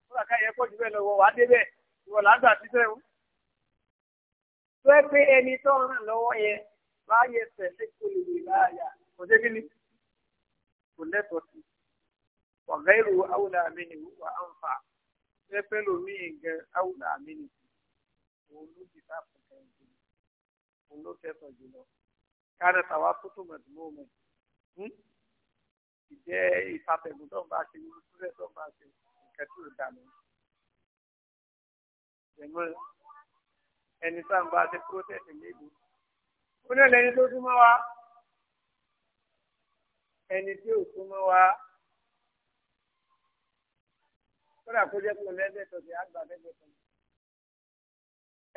fúnra ká yẹ pọ̀ jù bẹ́ẹ̀ lọ́wọ́ wá dé bẹ́ẹ̀ ìwọ̀ làgbà ti bẹ́ẹ̀ o. tó ẹ pé ẹni lọ́wọ́ yẹn láàyè ẹsẹ̀ ẹ̀kọ́ lè lè láàyà kò sí kíni kò lẹ́tọ̀ọ́ sí ọ̀gá èrò àwùlà àmì ni wà á ń fà ẹ̀fẹ́ lomi ìgẹ̀ àwùlà àmì ni òun ló ti ta pẹ̀tẹ́ ìjìnlẹ̀ òun ló tẹ̀sọ̀ jùlọ káàdà tàwa tó tó mẹ̀tìmọ́ mẹ̀ hmm? ìjẹ́ ìfàtẹ̀gùn tó ń bá ṣe irú sílẹ̀ tó ń bá ṣe nǹkan tí ẹni tá ń bá ṣe protest nílùú ó náà lẹni tó súnmọ́ wa ẹni tí ò súnmọ́ wa kódà kó jẹ́ pé lẹ́gbẹ̀ẹ́ tó ti àgbà lẹ́gbẹ̀ẹ́ tó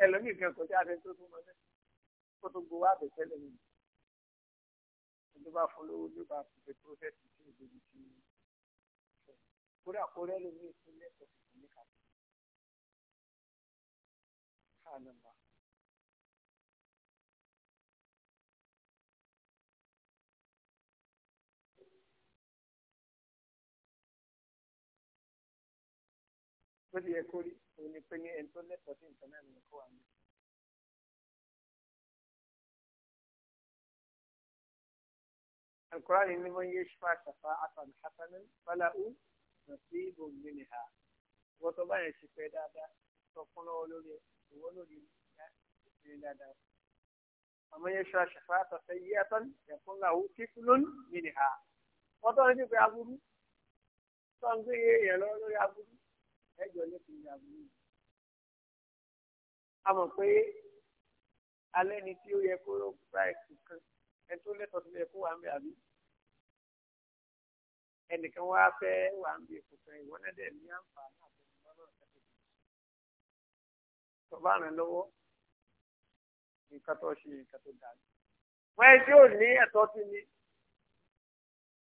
ẹlòmíì kan kò tí a fi tó súnmọ́ lẹ́gbẹ̀ẹ́ kó tó gbowó àbẹ̀tẹ́ lẹ́yìn ẹni bá fún lówó ló bá fi ṣe prọfẹ̀tì tí èdè mi ti kódà kó rẹ́ lómi ìpínlẹ̀ tó ti ní kàkiri. bó ti yẹ kó rí òun ni pé ní ẹni tó lẹ́tọ̀ọ́ sí nǹkan náà ni kó wà ní. القرآن إن من يشفع شفاعة حسنا فله نصيب منها وطبعا يشفع دادا أولي له ولو دادا ومن يشفع شفاعة سيئة يكون له كفل منها وطبعا يشفع أبوه tọ́ǹgbé èèyàn lọ́wọ́ lórí ẹjọ ní kì í yà wí. a mọ̀ pé alẹ́ ni tí ó yẹ kó ló price kan ẹ tó lẹ́tọ̀ọ́ tó yẹ kó wà ń bẹ̀ àbí. ẹnìkan wá fẹ́ wà ń bẹ̀ kò fẹ́ ìwọ́n náà ní àǹfààní àti ìwọ́n náà tẹ̀lé. tọ́ba rẹ̀ lọ́wọ́ nǹkan tó ṣe nǹkan tó dáa. wọ́n ẹ tí ò ní ẹ̀tọ́ sí ni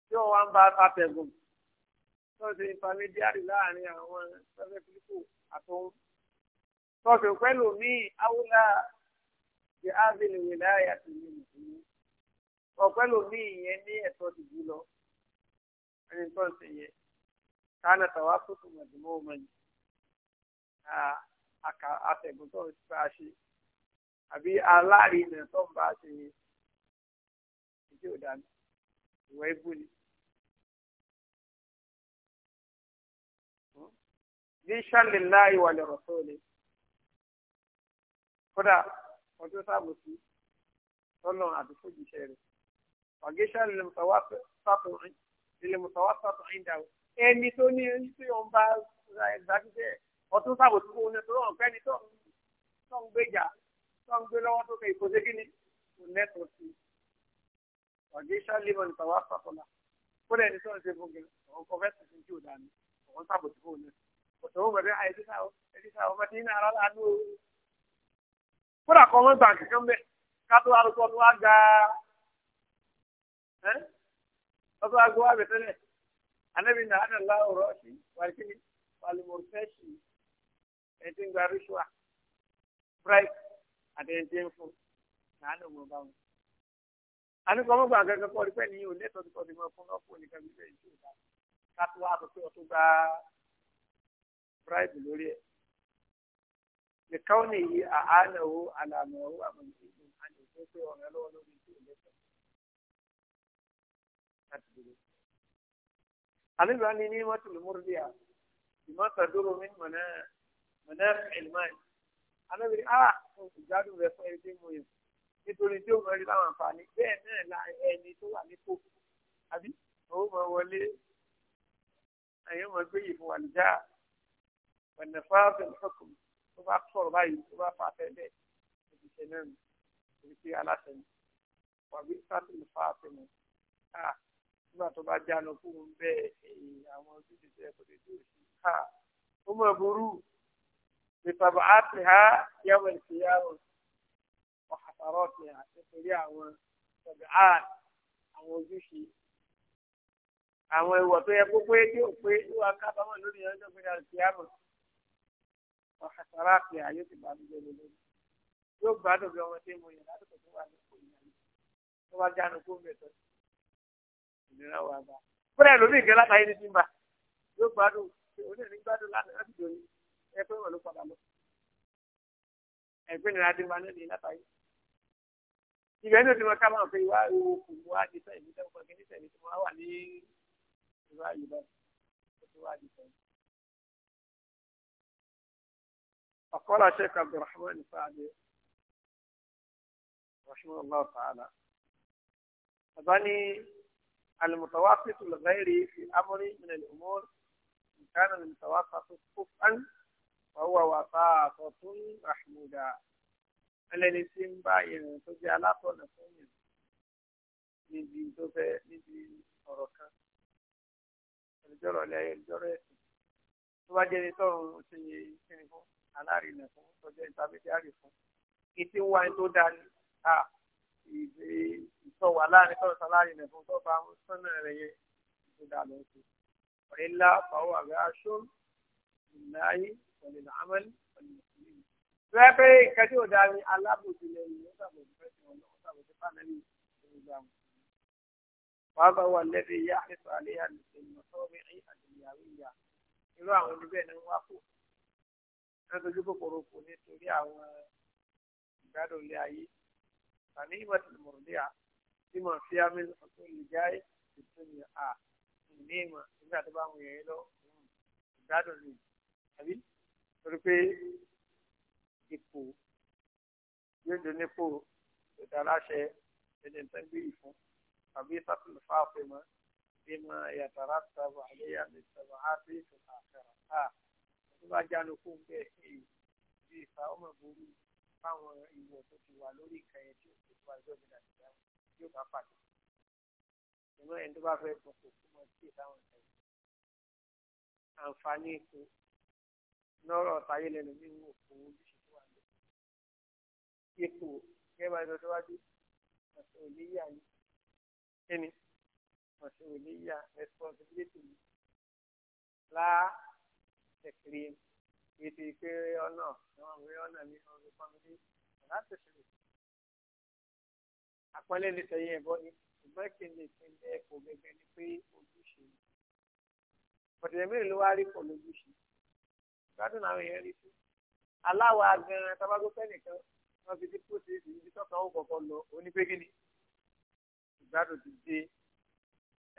tí wọ́n wá ń bá a fàtẹ̀gùn tọ́sí intermediary láàrin àwọn ẹgbẹ́ pípò àtọ́hún. tọ́sí pẹ̀lú mi awúlá the avenue wilaya ti ní ìdílé. ọ̀pẹ̀lú mi ìyẹn ní ẹ̀tọ́ dìbò lọ. ẹni tó ń sìn yẹn kánà tàwa fótó mọ̀jùmọ́ ọmọ yìí. àtẹ̀gùn tó ń bá a ṣe àbí alárinà tó ń bá a ṣe yẹn. ìdí ò dáná ìwà ìbú ni. jíṣà lè láàyè wà lọ́rọ̀ tó lè. kódà ọjọ́ sáàbò sí lọ́nà àdúgbò jíṣẹ́ rẹ̀ wàgíṣà lè mùsàwá sàtò lè mùsàwá sàtò ìdá ẹni tó ní ẹni tó yọ̀ ń bá ìgbàdúgbẹ́ ọtún sáàbò sí fún un tó rọ̀ pẹ́ni tó ń gbèjà tó ń gbé lọ́wọ́ tó fẹ́ ìkọ́sẹ́ kí ni kò lẹ́tọ̀ọ́ sí i ọ̀gẹ́sà lébọn ìtàwá sàtọ̀là kó lẹ́ni tó ń ṣe fún un ọ̀fẹ́ tuntun tí ò dání ọ̀hún sábò tí kò lẹ́tọ̀ọ́ ọ̀tọ̀ ó bẹ̀rẹ̀ àìsísà ẹ̀sísà ọmọdé ní ara lánàá o kódà kan wọn gbà kankan bẹ kátó arúgbó tó wá ga ẹ ọtọ agbó wa bẹtẹlẹ anabi nà ánàlá ọrọ ọsì wàlíkìní wàlímọrùfẹsì ẹtì ń gba rishwa bright àtẹnjẹ fún nàánà ọmọ bá wọn. anukọ ọmọ gbà kankan kọ ọdún pẹ ní ìhòòhò lẹtọ tó kọ ọdún mọ fún ọkọ nìkan bí bẹ́ẹ̀ ń ṣe ìdá kátó arúgbó tó gba bribe lórí ẹ̀ nìkan ní yí àánà wo àlànà owó àmọ̀lẹ́ ìlú àti ìfún pé ọ̀rẹ́ lọ́wọ́ lórí ìlú ìlú ẹ̀sẹ̀ láti dúró. àlejò ni ní mọ́tò lùmúrúdíà ìmọ̀tò dúró mi mọ̀nà mọ̀nà ìlmáì anábìrì a ah, ìgbádùn rẹ fún ẹni tí mo yẹ nítorí tí ó mọ̀ rí láwọn àǹfààní bẹ́ẹ̀ náà la ẹni tó wà nípò àbí owó mọ̀ wọlé ẹ̀yọ́ mọ̀ gbé yìí fún wàlúùjá ọ̀nà fáfẹ́ ìfọkùn tó bá sọ̀rọ̀ báyìí tó bá fàfẹ́ bẹ́ẹ̀ ìdíje náà nù ìdíje aláṣẹ nù wàbí sáfẹ́ ìfọkùn nù ká nígbà tó bá já lọ fún un bẹ́ẹ̀ èyí àwọn ojúṣe tẹ kò lè dé òsì ká ó mọ̀ burú ìfàbọ̀ àti ha yàwọ̀ ìfìyàwó ọ̀hàfàrọ̀ ti hà nítorí àwọn ìfàbọ̀ àti àwọn ojúṣe àwọn ìwọ̀ tó yẹ kó pé tí ò pé wíwá kábàámọ̀ lónìí ọjọ́ gbé ọ̀hásárá pé ayé ti bá mi jẹ lélẹ́ yóò gbádùn bí ọmọdé mo yẹ lásìkò tó wà ní òkòyè ayé tó wá jánu kó mẹ́tọ́ ìlera wà bá fúnra ẹ̀ lómi ìkẹ́ látàyè ní tìǹbà yóò gbádùn onírin gbádùn láti dòní ẹ pé wọn ló padà lọ ẹgbẹ́ nira dìbò alẹ́ ní látàyè ìgbà yẹn tó ti mọ wá ewu wá di sẹ́yìn níta ọkọ̀ kìíní sẹ́yìn tó wá wà ní ìwà yìí báyìí أقول شيخ عبد الرحمن السعدي رحمه الله تعالى أظني المتوسط الغيري في أمر من الأمور إن كان المتوسط كفءا فهو وساطة محمودة أن الإنسان باين تجعلات ونفهم من دين توفى من دين أوروكا الجرع لأي الجرع سواجه نتوه سيكون alárinà fún tọjọ ìtàbídíárì fún ètí wa ẹni tó dáa ni ìtọ́wà láàrin tọ́jú alárinà fún tọ́ba sọ́nà rẹ̀ yẹn tó dáa lọ sí. ọ̀rẹ́ ńlá pàwọ́ àgbẹ̀ aṣọ ìnáyé pẹ̀lú àmọ́lì pẹ̀lú ìsìlẹ̀. bẹ́ẹ̀ pé ìkẹ́jú ọ̀dà ni alábòjìlẹ̀ yìí ó sàbòjì fẹ́ sí ọ̀nà ó sàbòjì pàmẹ́lì ìgbà wọn. wàá bá wà lẹ́bi yá àrísọ àléyà nìkan ìmọ̀tọ́ mi lọ́dọ̀jú kòkòrò kò ní torí àwọn ìgbádùn ilé ayé àní ìmọ̀tì mọ̀rọ̀lẹ́à tí mo fi àmì ọ̀tún lè já ètò ní à ní ìmọ̀ nígbà tó bá wọn yẹn lọ ìgbádùn lè àbí torí pé ipò yóò dún nípò ìdáláṣẹ ẹni tó ń gbé ìfún àbí sátìlù fáfẹ́ mọ́ bí mo yàtàrà sábà àléyàn ní sábà á sí ìfún náà tó bá já lóko bẹ́ẹ̀ ṣe ìdí ìfà ọmọ borí fáwọn ìwọ̀ tó ti wà lórí ìkànnì tí ó ti wà lórí ìdàgbàsókè yóò bá pàdé ṣùgbọ́n ẹni tó bá fẹ́ gbọ́n kò fún ọ sí ìtàwọn ìtàn àǹfààní ètò lọ́rọ̀ táyé lẹ́nu ní wò fún ojúṣe tó wà lọ. ipò gẹ́gbà ìdọ́síwájú ọ̀sẹ̀ òní yà ní kíni ọ̀sẹ̀ òní yà responsibility ní التكريم يتي كيونا ويونا ميو بفامدي ولا تشريك àpọ́nlé lè tẹ̀yẹ ẹ̀bọ́ ni ṣùgbọ́n kí n lè fi ilé ẹ̀kọ́ gẹ́gẹ́ ni pé ojúṣe ni ọ̀dẹ̀dẹ̀ mẹ́rin ló wá rí pọ̀ lójúṣe gbádùn àwọn èèyàn rí sí aláwọ̀ agan tabago fẹ́nìkan wọ́n fi dípò sí ibi tọ́ka ó kọ̀ọ̀kan lọ onípégéni ìgbádùn ti dé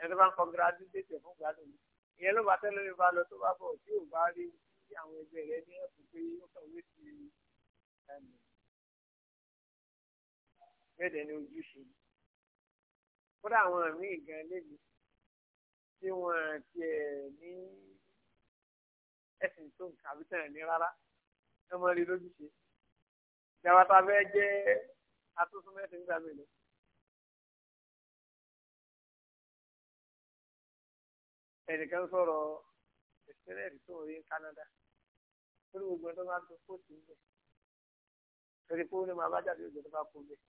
ẹni tó bá ń kọ gíra dídé tẹ̀ fún gbádùn yìí ìyẹn ló bá tẹ́lẹ̀ mi bá lọ tó bá bọ̀ tí ò bá rí sí àwọn ẹgbẹ́ rẹ ní ọ̀sùn pé ó kàwé sí ẹ̀mí bẹ́ẹ̀ dẹ̀ ni ojúṣe kódà àwọn míì gan lébi tí wọ́n tiẹ̀ ní ẹ̀sìn tó nǹkan àbí tẹ̀lé ní rárá ẹ mọ rí lójúṣe ìjàmbá tá a fẹ́ jẹ́ atúntún mẹ́sìn nígbà mélòó. ẹnìkan sọ̀rọ̀ ìpínlẹ̀ tó ń rí Canada lórí gbogbo ẹ̀ tó bá tó kóòtù ń bẹ̀ torí pé ó ní máa bá jáde ìgbẹ́ tó bá kó bẹ̀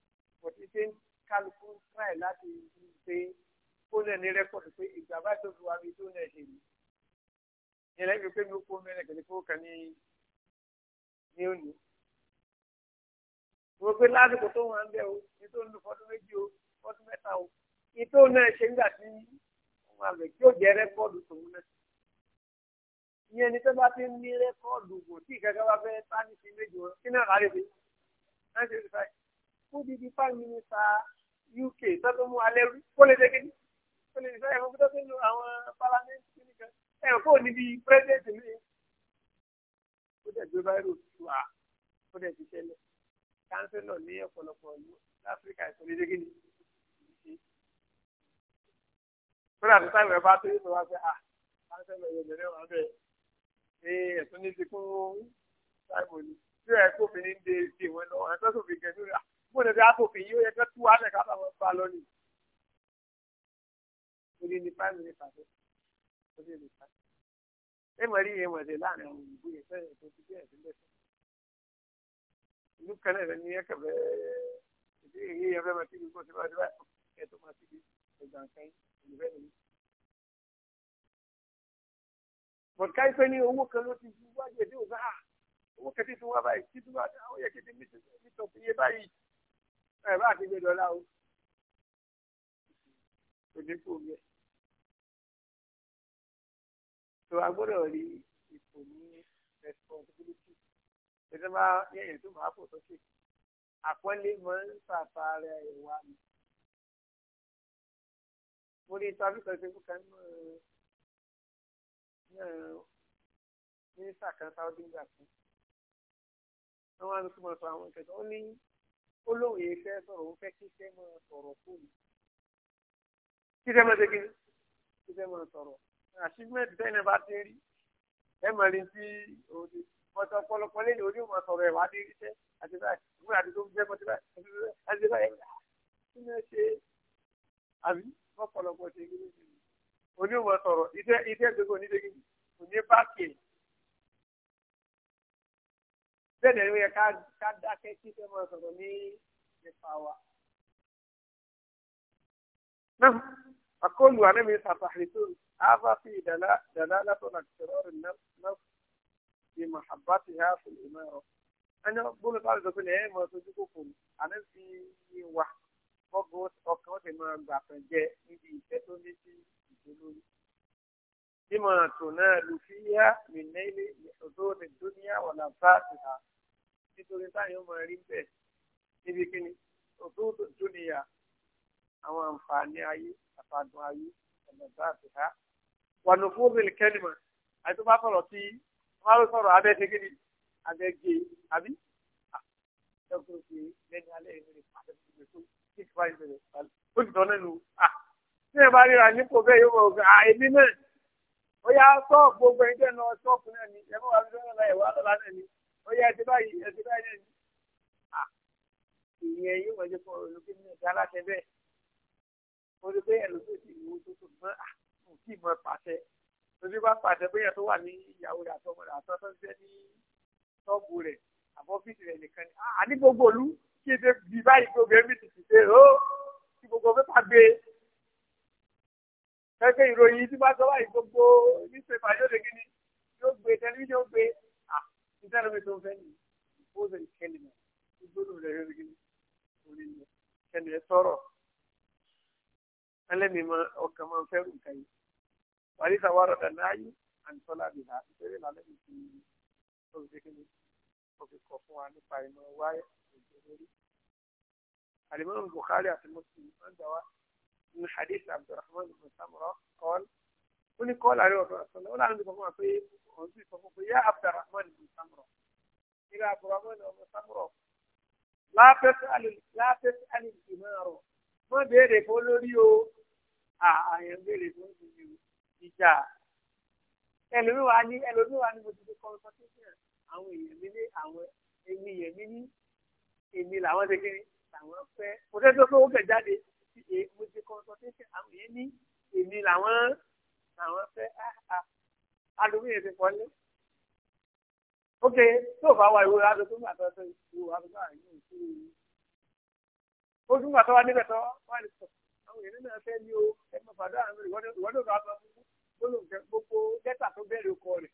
but ṣé kálukú try láti ṣe ó lẹ̀ ní rẹ́kọ̀dù pé ìgbà bá tó fi wá bí tó lẹ̀ ṣe yìí ìyẹn lẹ́yìn pé mi ó kó mẹ́rẹ̀ kẹ́lẹ́ kó kàn ní ní òní wọ́n pé lásìkò tó wọn bẹ̀ o ní tó fọdún méjì o fọdún mẹ́ta o ní tó náà ṣe ń gbà sí fún àgbẹ̀ tí yóò jẹ́ rẹ́kọ́ọ̀dù tòun náà. ìyẹn ni tó bá ti ń ní rẹ́kọ́ọ̀dù kò tí ìkẹ́kẹ́ bá fẹ́ tá ní ti méjì wọn kí náà láre fi náà ṣe fà fún bíbí prime minister UK tọ́tún mú alẹ́ rí kó lè dégé ní kó lè fẹ́ ẹ̀fọ́ tó ń lo àwọn parliament nìkan ẹ̀ kó níbi president mi ó dẹ̀ gbé báyìí tù á ó dẹ̀ ti ṣẹlẹ̀ chancellor ní ọ̀pọ̀lọpọ̀ ìlú láfíríkà ìkọ́lé dégé ní. kódà tó táìmù ẹ̀ bá tó yóò wá pé à ah, láńsẹ̀ lọ yóò lẹ́rẹ́ wọn bẹ́ẹ̀ ní ẹ̀sùn ní ti kún táìmù ni tí ẹ̀ kó obìnrin dé sí ìwọ̀n lọ ẹ̀ tọ́sọ̀ fi gẹ̀ẹ́sì rà bóun ẹ̀ fi àpòfin yóò yẹ kẹ́ tú wá lẹ̀ káfà wọn bá lọ ni. orí ni five minutes àti orí ni five. ẹ mọ̀ rí ìyẹn wọ̀dẹ̀ láàrin àwọn òyìnbó yẹn fẹ́rẹ̀ tó ti bí ẹ̀sìn lẹ́sìn. ìlú kan náà ní ẹ̀kẹ́ bẹ́ẹ̀ ìdí ìyẹn fẹ́ máa ti bọ̀dká ìfẹ́ ní owó kan ló ti fi wájú ẹ̀dẹ́ òun náà ah, owó kẹtí tí wọ́n báyìí títí wá ó yẹ kí ti mítọ̀ fi yé báyìí ẹ̀ bá àti gbẹdọ̀ la o kò ní kó yẹ. tó a gbọ́dọ̀ rí ipò ní responsibility ẹ̀sẹ̀ máa yẹ̀yẹ̀ tó máa pọ̀ sókè àpọ́nlé máa ń fàfà ara ẹ̀ wá mi mo rí ìtàbí kan ṣe fún kan náà mínísítà kan sáwọ́dí gbà fún àwọn alùpùpù sọ àwọn ìkẹtọ ó ní olóhùn yìí fẹ́ sọ̀rọ̀ ó fẹ́ kí iṣẹ́ máa sọ̀rọ̀ fún mi kí iṣẹ́ máa ṣe kíni kí iṣẹ́ máa sọ̀rọ̀ achievement bẹ́ẹ̀ ni bá ti rí ẹ mọ̀ ní ti ni ẹ ṣe ọ̀pọ̀lọpọ̀ ṣe kí lóṣù yìí oníwọ̀n sọ̀rọ̀ iṣẹ́ iṣẹ́ gbogbo oníṣẹ́ kí òní bá kè é. bẹ́ẹ̀ ni wọ́n yẹ ká dákẹ́ kí fẹ́ máa sọ̀rọ̀ ní nípa wa. náà akólu anami sàfàhìtò àfàfi ìdàlá látọ̀nà kìrọ̀rì náà fi màhàbàtì ha fún ìmọ̀ ẹ̀rọ. ẹni bólú bá lè sọ pé ẹ̀ mọ̀ sojú kòkòrò àná fi wà bọ́gbọ́ ọkàn ọ̀sẹ̀ máa gbà kan jẹ níbi ìfẹ́ tó ní sí ìdólórí. nímọ̀ràn tó náà lù fi yá mi ná ilé ọ̀dọ́ òde tó ní àwọn làbá àtìlá nítorí táyọ̀ máa rí bẹ́ẹ̀ níbi kíni ọ̀dọ́ òde tó níyà àwọn àǹfààní ayé àtàdùn ayé ọ̀làbá àtìlá. wà ní fún obìnrin kẹ́lìmọ̀ àti tó bá sọ̀rọ̀ tí wọ́n á sọ̀rọ̀ abẹ́ ṣe kíni abẹ́ gé àbí ẹ̀kọ́ ṣe lẹ́ni alẹ́ ìrìn àti ìgbésókè six five zero ó ti tọ́nà nù ah tí ẹ bá ríra nípò bẹ́ẹ̀ yóò mọ̀ ọ́gbẹ́ ah èmi náà ó yá sọ́ọ̀bù gbogbo ẹni tẹ́ lọ sọ́ọ̀bù náà ni ẹ bá wà lórí ọ̀la ẹ̀wà lọ́la náà ni ó yá ẹtí báyìí ẹtí báyìí náà ni ah ìyẹn yóò mọ̀ ẹjẹ́ fún ọ̀rọ̀ lókè ní ìdá aláṣẹ bẹ́ẹ̀ mo rí pé ẹlòmíì sì wú tó tó mọ́ ah, mo kì í mọ pàṣẹ lórí bá pàṣẹ bóyá tó wà ní ìyàwó rẹ̀ àtọmọ rẹ̀ àtọ́ àbọ̀ ọ́fíìsì rẹ̀ nìkan ni àní ah, gbogbo olú kí ẹ fẹ́ bí báyìí gbogbo ẹ̀mí ti ti ṣe ó kí gbogbo pépà gbé fẹ́fẹ́ ìròyìn tí wọ́n sọ wáyé gbogbo nípa ìjọba kí ni yóò gbé tẹlifíṣàn yóò gbé à nítorí omi tó ń fẹ́ nìyí ó lè kẹ́lẹ̀ mọ́ gbogbo rẹ̀ yóò gbé orí rẹ̀ kẹ́lẹ̀ sọ̀rọ̀ ẹlẹ́mìí máa ọkàn máa ń fẹ́ rùn kàyé wàlísà wàrọ̀ dàná ayé àǹtọ́lá bìlà ìṣeré làlẹ́ mi ti ọ̀rọ̀ ṣe kí ni ó fi kọ̀ fún wa nípa ìmọ̀ wá òjò lórí. alimami bukhari àti muslim wọn gbà wá ní hadith abdulrahman ibn samura kọ́ọ̀lù ó ní kọ́ọ̀lù àríwá ọ̀dọ́ àtọ́lá ó láàrin ìfọ̀fún wa pé òun sì sọ fún pé yá abdulrahman ibn samura ìlà abdulrahman ibn samura láfẹ́sí alìsìmọ́rọ̀ wọ́n béèrè fún lórí o àyàn béèrè fún ìjà ẹlòmíwá ní ẹlòmíwá ní mo ti fi kọ́ ọ́ sọ́kẹ́sì rẹ̀ àwọn èèyàn mi ní àwọn èmi yẹn mi ní èmi làwọn ṣe kiri làwọn fẹ́ mo fẹ́ tó fowó kẹ̀ jáde mo ti consultation àwọn èèyàn ní èmi làwọn làwọn fẹ́ ah, ah. adùnmí yẹn ti fọ́lé ok tó o bá wa ìwé adùn tó ń gbà tó ṣe ìwé adùn tó wà nínú ìṣúná yìí ó tún gbà tó wà níbẹ̀ tó wà ní sọ àwọn èèyàn náà fẹ́ ní o ẹ máa fàdó àwọn ìwọ́dọ̀ ìwọ́dọ̀ gbogbo lẹ́tà tó bẹ̀rẹ̀ ọkọ rẹ̀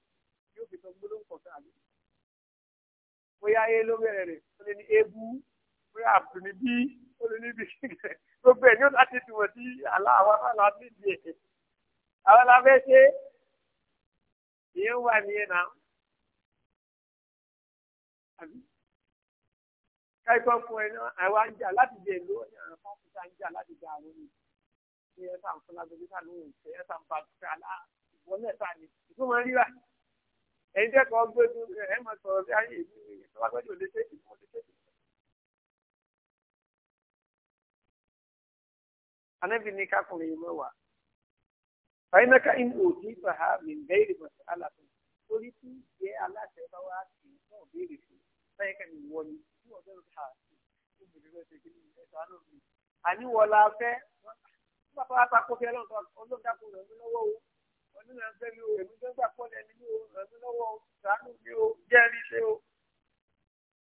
yóò fi sọ gbólóhùn kọ̀ọ̀kan àbí bóyá ayé ló bẹ̀rẹ̀ rẹ̀ ó lè ní ebu bóyá àbùtù ní bí ó lè ní bí gbogbo ẹ̀ ní ó láti tìwọ̀ sí àlá àwọn àlá nídìí ẹ̀ àwọn la ṣe ìyẹn wà nìyẹn náà àbí fún ẹ náà àwa ń jà láti jẹ ìlú ọ̀nà àwọn fásitì ń jà láti jà àwọn ènìyàn ní ẹ̀sà ń fúnra gbogbo sàlù òǹtẹ̀ ẹ̀sà ń bá gbogbo àlá ìbọn mẹ́ta ni ìfún wọn ẹ̀yin jẹ́ kọ́ gbé ẹ̀ mọ̀ sọ̀rọ̀ bí ayé ìlú lágbájá ò lè ṣe ìmọ̀ lè ṣe ìmọ̀. anábì ní kákùnrin yìí mẹ́wàá fàyínàká inú òtí ìfàhà mi ń bẹ́ẹ̀rẹ̀ mọ̀tí aláàfin torí tí ìjẹ́ aláṣẹ bá wá sí náà béèrè fún fẹ́yìn kẹ́mi wọ ni tí wọ́n bẹ̀rẹ̀ ká sí ìbùdó fẹ́ ṣe kí ni ẹ̀sán náà mi. àníwọ̀ la fẹ́ bàbá wa ta kófí ọlọ́run ọlọ́run dákun rẹ̀ mí lọ́wọ́ o ọdún náà fẹ́ mi o èmi tó gbà mi o rẹ̀ mí lọ́wọ́ o sàánú mi o jẹ́rìí ṣe o.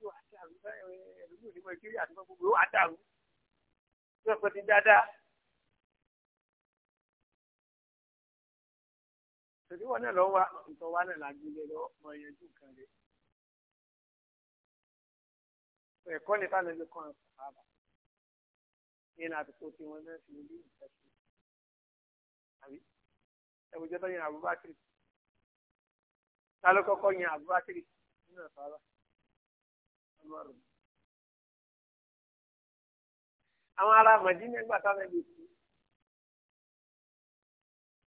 yóò wá dàrú ẹlòmíì onímọ̀ ìkírí àti gbogbo yóò wá dàrú yóò pẹ́ ti dáadáa. tòdí wọn náà lọ wá nǹkan wá náà lágbé lé lọ mọ ìyẹnjú nǹkan rẹ ẹ̀kọ́ ní fáwọn ẹgbẹ́ kan àbá nínú àtúntò tí wọn náà fi ní bí nǹkan ṣe àbí ẹgbẹjọ tó yẹn àbúrò bá kiri ta ló kọ́kọ́ yẹn àbúrò bá kiri nínú ẹ̀kọ́ àbá àwọn ará màdínà nígbà táwọn ẹbí kú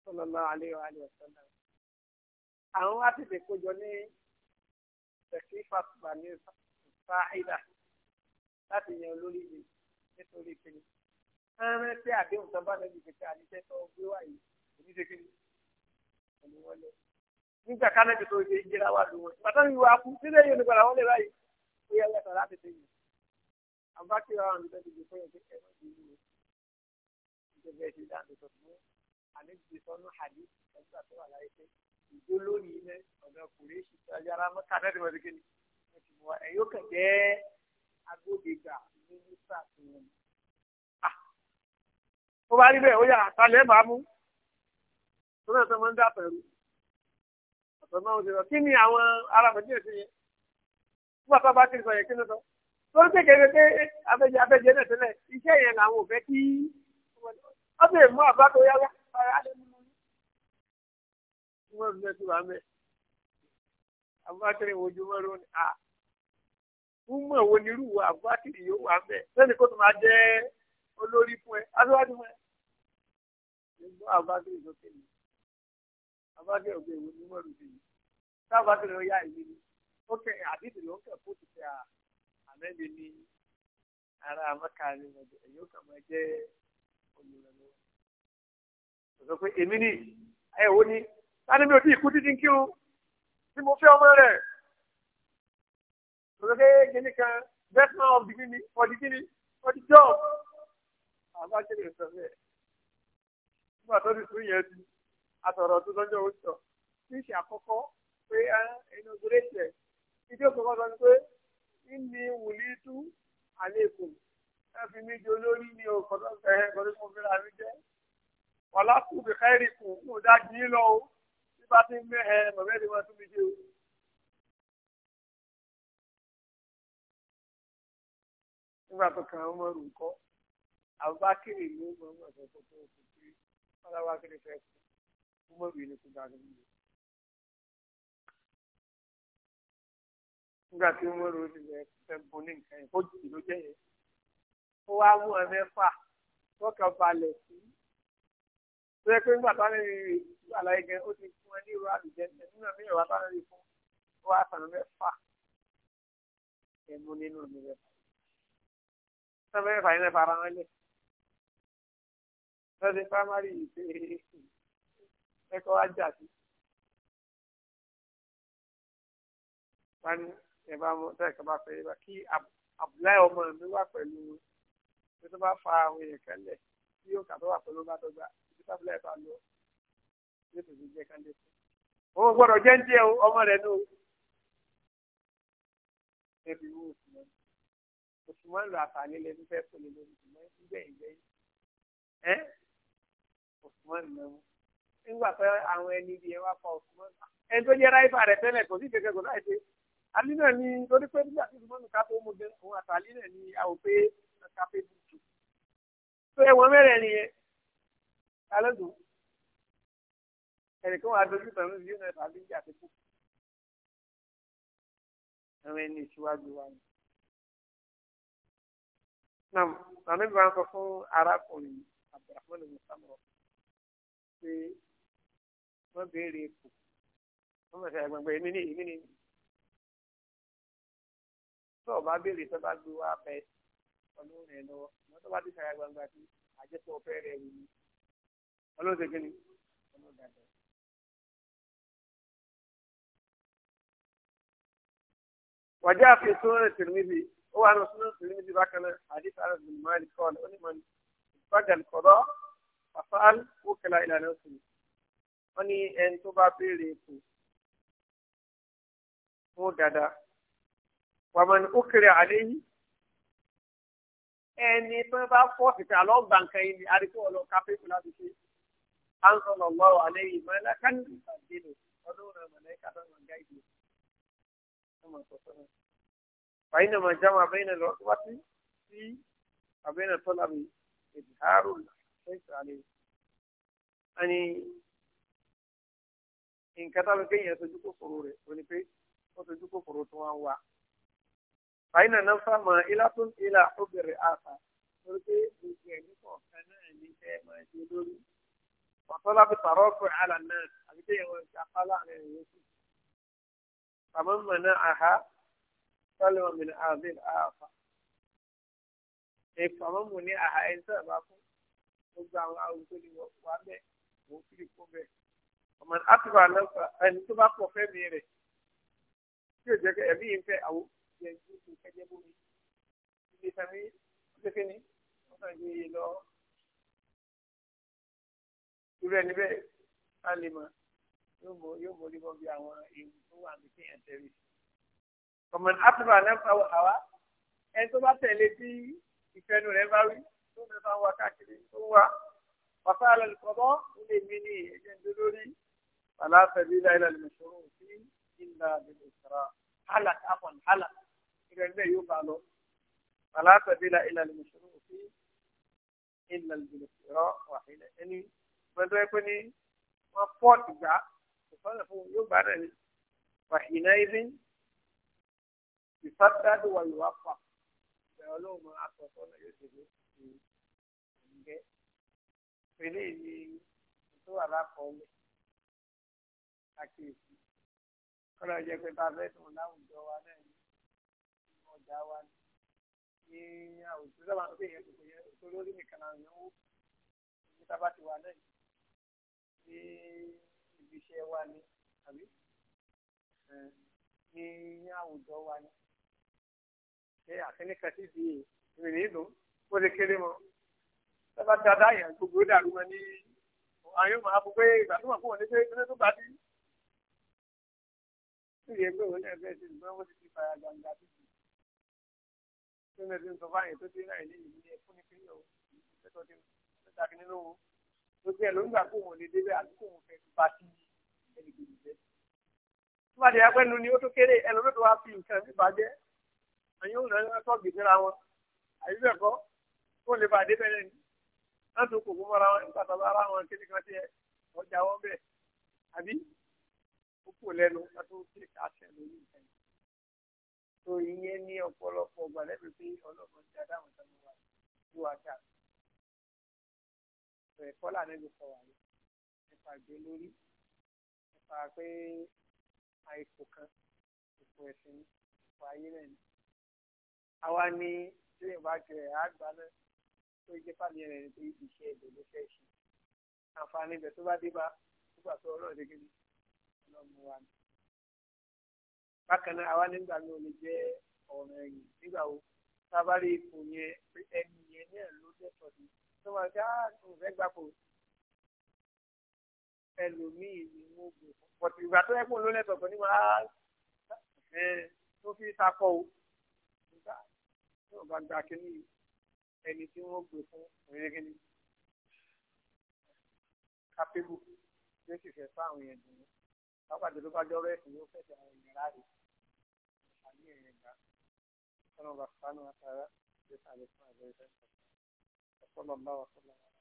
sallallahu alaihi wa alihi wasallam àwọn wá tètè kójọ ní tẹ̀sí fàtúbà ní fáìlà láti yan olórí mi nítorí kiri ẹrẹ tí àdéhùn tó bá lẹbi kẹkẹ àdíṣẹ tó gbé wá yìí èyí ṣe kiri ẹni wọlé nígbà kánẹ́bì tó ṣe ìjẹra wà lóhùn bàtà ìwà kú sílẹ̀ yìí onígbàlà wọlé báyìí pé ẹlẹ́tọ̀ láti ṣe yìí abákíra ọ̀run tó ti di fún ẹgbẹ́ ẹgbẹ́ ìlú ìjọba ẹ̀sìn dáàbò tó fún àlejò sọnù àdé ẹgbẹ́ tó wà láyé pé ìjó lónìí ní ọ̀dọ̀ kùrẹ́ ṣì tó ajá ara mọ́ta náà ti wọ́n ti kéde wọ́n ti wọ́n ẹ̀ yóò kàn jẹ́ agbódegbà mínísítà tó wọn. Ah! ó bá rí bẹ́ẹ̀ ó yà àtàlẹ́ bàá mú tó náà tó máa ń dà pẹ̀lú ọ̀tọ̀ náà ó ti rọ kí ni àwọn arábàjẹ́ sí yẹn nígbà tó bá ti sọ yẹn kí ló sọ tó kékeré pé abẹ́jẹ abẹ́jẹ náà tẹ́lẹ̀ iṣẹ́ yẹn làwọn ò fẹ́ kí wọ́n bèè mú àbá tó yára ara lè mú un. wọ́n fi wá mẹ́ abúlátìrì wojú mọ́rọ́ ni a ń mọ̀ wo nírú wo abúlátìrì yóò wà mẹ́ lẹ́nu kó tó máa jẹ́ olórí fún ẹ aṣáájú fún ẹ. ẹgbọ́n abúlátìrì lókè ni abúlátìrì ògbé ìwé ni mọ́rọ́ ti yìí ok kẹ àdìsí ló ń kẹ kó ti fẹ à àmẹ́bí ní ara amẹ́ka ni ẹ̀yìn ó kà máa jẹ́ olùrànlọ́wọ́. kò sọ pé èmi ni ẹ wo ni láti mi o tí ì kú títí kí o tí mo fẹ́ ọmọ rẹ̀ kò sọ pé gẹ́gẹ́ kan best man of the gini for the gini for the job àbá kí ni sọ bẹ́ẹ̀ nígbà tó ti sún yẹn ti àtọ̀rọ̀ tó lọ́jọ́ ó sọ kí n àkọ́kọ́ pé ẹnu ọdún rẹ̀ tẹ̀ ìdí òkùnkùn sọ ni pé ìní wùlí tú àlékún ẹ fi mí di olórí ní ọkọ̀dọ̀ ẹ̀ kọ́dọ̀ fún fúnra mi jẹ́ wàlá kù bí káyìrì kù kù dájú yín lọ o bí bá ti ń mẹ́ ẹ bàbá ẹ̀ wá tún mi jẹ́ o. nígbà tó kàn án mọ̀ rò kọ́ àbúbákẹ́rì ló mọ̀ ọ́n mọ̀ tó tó tó kù pé ọlọ́wà kẹ́rì fẹ́ kú mọ̀ rò yín ní kú dáadé nílùú. nígbà tí wọ́n rò nílẹ̀ fẹ́ bo ní nǹkan yẹn fójì ló jẹ́ yẹn ó wá mú ẹ mẹ́fà wọ́kàn balẹ̀ sí tó yẹ pé nígbà táwọn ènìyàn àlàyé gan ó ti fún ẹ ní ìró àlùjẹ nínú mi ìwà táwọn ènìyàn fún ó wá sàn mẹ́fà ẹnu nínú mi mẹ́fà sọ mẹ́fà yẹn fara wọn lẹ̀ lọ́sẹ̀ primary ìpè ẹ̀kọ́ wájà sí ẹ bá mọ tẹ́ẹ̀kẹ́ bá fẹ́ yíba kí abdullahi ọmọ mi wà pẹ̀lú pé tó bá fa àwọn èèyàn kan lẹ̀ tí yóò kà tó wà pẹ̀lú bá dọ́gba ibi tó abdullahi bá lọ yóò tó fi jẹ́ kan lé fún un. òun gbọ́dọ̀ jẹ́ ń jẹ́ ọmọ rẹ̀ nù. ẹbí wo òṣùmọ́n òṣùmọ́n lọ àtàlẹ́ lẹ́nu fẹ́ fún mi lórí ìgbìmọ̀ ìgbẹ́ ìgbẹ́ yìí. ẹ́ òṣùmọ́n lọ́wọ́ nígbà pé ẹ wá fa òṣùmọ́n alí náà ni torí pé nígbà tí ìmọ̀nù ká tó mú gẹ òun àtàlí náà ni a ò pé ká pé tuntun tó ẹ̀wọ̀n mẹ́rẹ̀ nìyẹn alẹ́dùn ẹnìkan wà dojú pẹ̀lú yóò náà tàbí ìjà tó kù àwọn ẹni ìṣíwájú wa ni. Nam Nàmí bá ń sọ fún arákùnrin Abdulrahman Musamman pé wọ́n béèrè ipò wọ́n mọ̀ sí ẹgbẹ̀gbẹ̀ èmi ní èmi ní tó o bá béèrè tó bá gbé wá fẹ́ ọdún rẹ̀ lọ́wọ́ ọmọ tó bá ti sara gbangba sí àjẹsọ ọ̀fẹ́ rẹ̀ wù mí ọlọ́sẹ̀ kí ni ọlọ́dàdà. wàjá fi sóòrè tìrìmìbì ó wà ní sóòrè tìrìmìbì bákan náà àdìsá rẹ̀ bìnnì máa ní kọ́ọ̀lù ó ní mọ̀ ní ìbàdàn kọ́dọ̀ àfáàlù ó kẹlà ìlànà òsì wọ́n ní ẹni tó bá béèrè ètò fún dáadáa wàmọ̀ ní ókèrè àlẹ́ yìí ẹni tó bá fọ́ọ̀sì pé àlọ́ gbà nǹkan yìí ni àdìpọ̀ ọ̀lọ́ káfíńkù láti ṣe à ń sọ̀rọ̀ lọ́rọ̀ àlẹ́ mọ́ ẹ̀dá ká ìpàdé nù ọdún rẹ̀ mọ̀lẹ́kà náà máa gá ìdí ọmọ sọ̀tọ̀ náà. fàyín náà máa jáma abẹ́yìn náà lọ́wọ́ wá sí abẹ́yìn náà tọ́lá mi ìdíhárò ṣẹ́ṣàlẹ̀ ẹni nǹkan tó fàyínà náà fáwọn ilátún ilà obìnrin àṣà lórí pé gbogbo ẹ̀mí kọ̀ọ̀kan náà ní ẹ máa ṣe lórí ọ̀tọ́lá fi pàrọ̀ ọkọ̀ àlà náà àbí kí ẹ̀wọ̀n ìṣàpá láàrin ẹ̀yẹ sí. àmọ́ mọ̀ náà àhá sọ́lẹ̀ wọn mìíràn àbíl àfà. èèpọ̀ àmọ́ mọ̀ ní àhá ẹni tó ẹ̀bá fún gbogbo àwọn àwùjọ ni wọ́n wà bẹ́ẹ̀ wọ́n fi kó bẹ́ẹ̀. ọmọ àtúbà náà jẹ gbogbo kẹjẹ bómi ilé sami kékeré ni wọn kàn ju iye lọ irú ẹni bẹ́ẹ̀ á lè mọ yóò mọ yóò mọ orí bọ bí àwọn ewu tó wà ní kéèyàn tẹ̀lé ọmọ àtúrò ànáfà àwa ẹni tó bá tẹ̀lé bí ìfẹnu rẹ̀ bá wí tó fẹ́ fà wá káàkiri tó wá wàfà àlọ́ ó lè mí ní ẹ̀jẹ̀ ń dó lórí láìláìlẹ̀ mọ̀ṣọ́rọ̀ òfin ìlà àbẹ̀lẹ̀ ìsọ̀rọ̀ hálà káfọ̀n hálà ìrẹ̀ bẹ́ẹ̀ yóò bá lọ aláàtọ̀délà ilà lè mọ̀ṣọ́rọ̀ òfin ilà lè rọ wàhílẹ̀ ẹni pẹ̀lú ẹgbẹ́ ni wọ́n pọ̀ tìgbà ìfọ̀nà fún yóò bá rẹ̀ ni wàhílẹ̀ ibi ìfàdádù wà yóò wá pa ìgbà ọlọ́run máa àtọ̀tọ̀ náà yóò ṣe ìgbẹ́ pẹ̀lú ìní tó wà lákọ̀ọ́lẹ̀ àkíyèsí kọ́lá jẹ́ bá fẹ́ tó láwùjọ wa náà dá wá ní ní àwùjọ sábà tó bẹ̀yẹ kò yẹ tó lórí nìkan náà yẹn ní sábà ti wà náà ní ibi iṣẹ́ wa ni àbí ní àwùjọ wa ni ṣé àfẹnìkan sì di ìrìn ìlú ó lè kéré mọ sábà ti adá yẹn gbogbo dàrú mọ ní àwọn yóò máa fọ pé ìgbà tó wà fún wọn ní pé ilé tó gbà bí. ó yẹ pé òun náà fẹ́ẹ́ ṣe ìgbọ́n ti fi fara gbangba bí mẹ́rin ti ń sọ fáyìn tó dé náà ilé yìí ní ẹkún ní pínlẹ̀ o mẹ́tọ́ ti mẹ́ta kí nínú o tó tiẹ̀ ló ń gbà kó wọn lè débẹ̀ àti kó wọn fẹ́ ti bá sí ẹnì kejì jẹ́. tó bá dé ẹgbẹ́ nu ni ó tó kéré ẹlòmíràn tó wá fi nǹkan ní ìbàjẹ́ àyìn òun náà tó gbèsè ra wọn àyè bẹ́ẹ̀ kọ́ kó lè bá débẹ̀ lẹ́nu láti kò fún ara wọn nígbà tó wọn kéde kan tiẹ̀ ọjà tó ìyẹn ní ọ̀pọ̀lọpọ̀ ọgbà lẹ́bi pé ọlọ́run ti adáhùn tó wà tó wà dà rẹ̀ kọ́là nẹ́bi kọ̀ wà yìí nípa ìgbé lórí nípa pé àìkò kan ìkò ẹ̀sìn ìkò ayé rẹ̀ ni àwa ni tí yorùbá jẹ àgbà náà tó jẹ́ fàmì rẹ̀ ní pé iṣẹ́ ìbò ló fẹ́ ṣe àǹfààní ibẹ̀ tó bá dé bá nígbà tó ọlọ́run dé gidi ọlọ́run wa ni bákan náà àwa nígbà náà lè jẹ́ ọ̀ràn ẹ̀yìn nígbà wo tá a bá rí ipò yẹn ẹni yẹn náà ló dẹ́tọ̀ ní tó máa ṣe àtúntò ah, fẹ́ gbapò ẹlòmíì ni wọ́n gbé pọ̀tù ìgbà tó ẹ̀kún ló lẹ́tọ̀ pẹ̀lú ah, máa tó fi takọ̀ o nígbà tí wọ́n bá gba kínní ẹni tí wọ́n gbé fún ẹ̀rẹ́gẹ́ni kápẹ́bù tó sì fẹ́ fáwọn yẹn dùn ún lápàdé tó bá jọrọ ẹsìn ló fẹsẹ àwọn ìyàrá rẹ àní ẹ̀yẹ gbà ọlọ́run bá sánú àtàrà ṣe sàlẹ̀ fún àgbẹ̀rẹ̀ sẹ́ńtọ̀ ọ̀pọ̀lọpọ̀ bá wà fọlọ́run.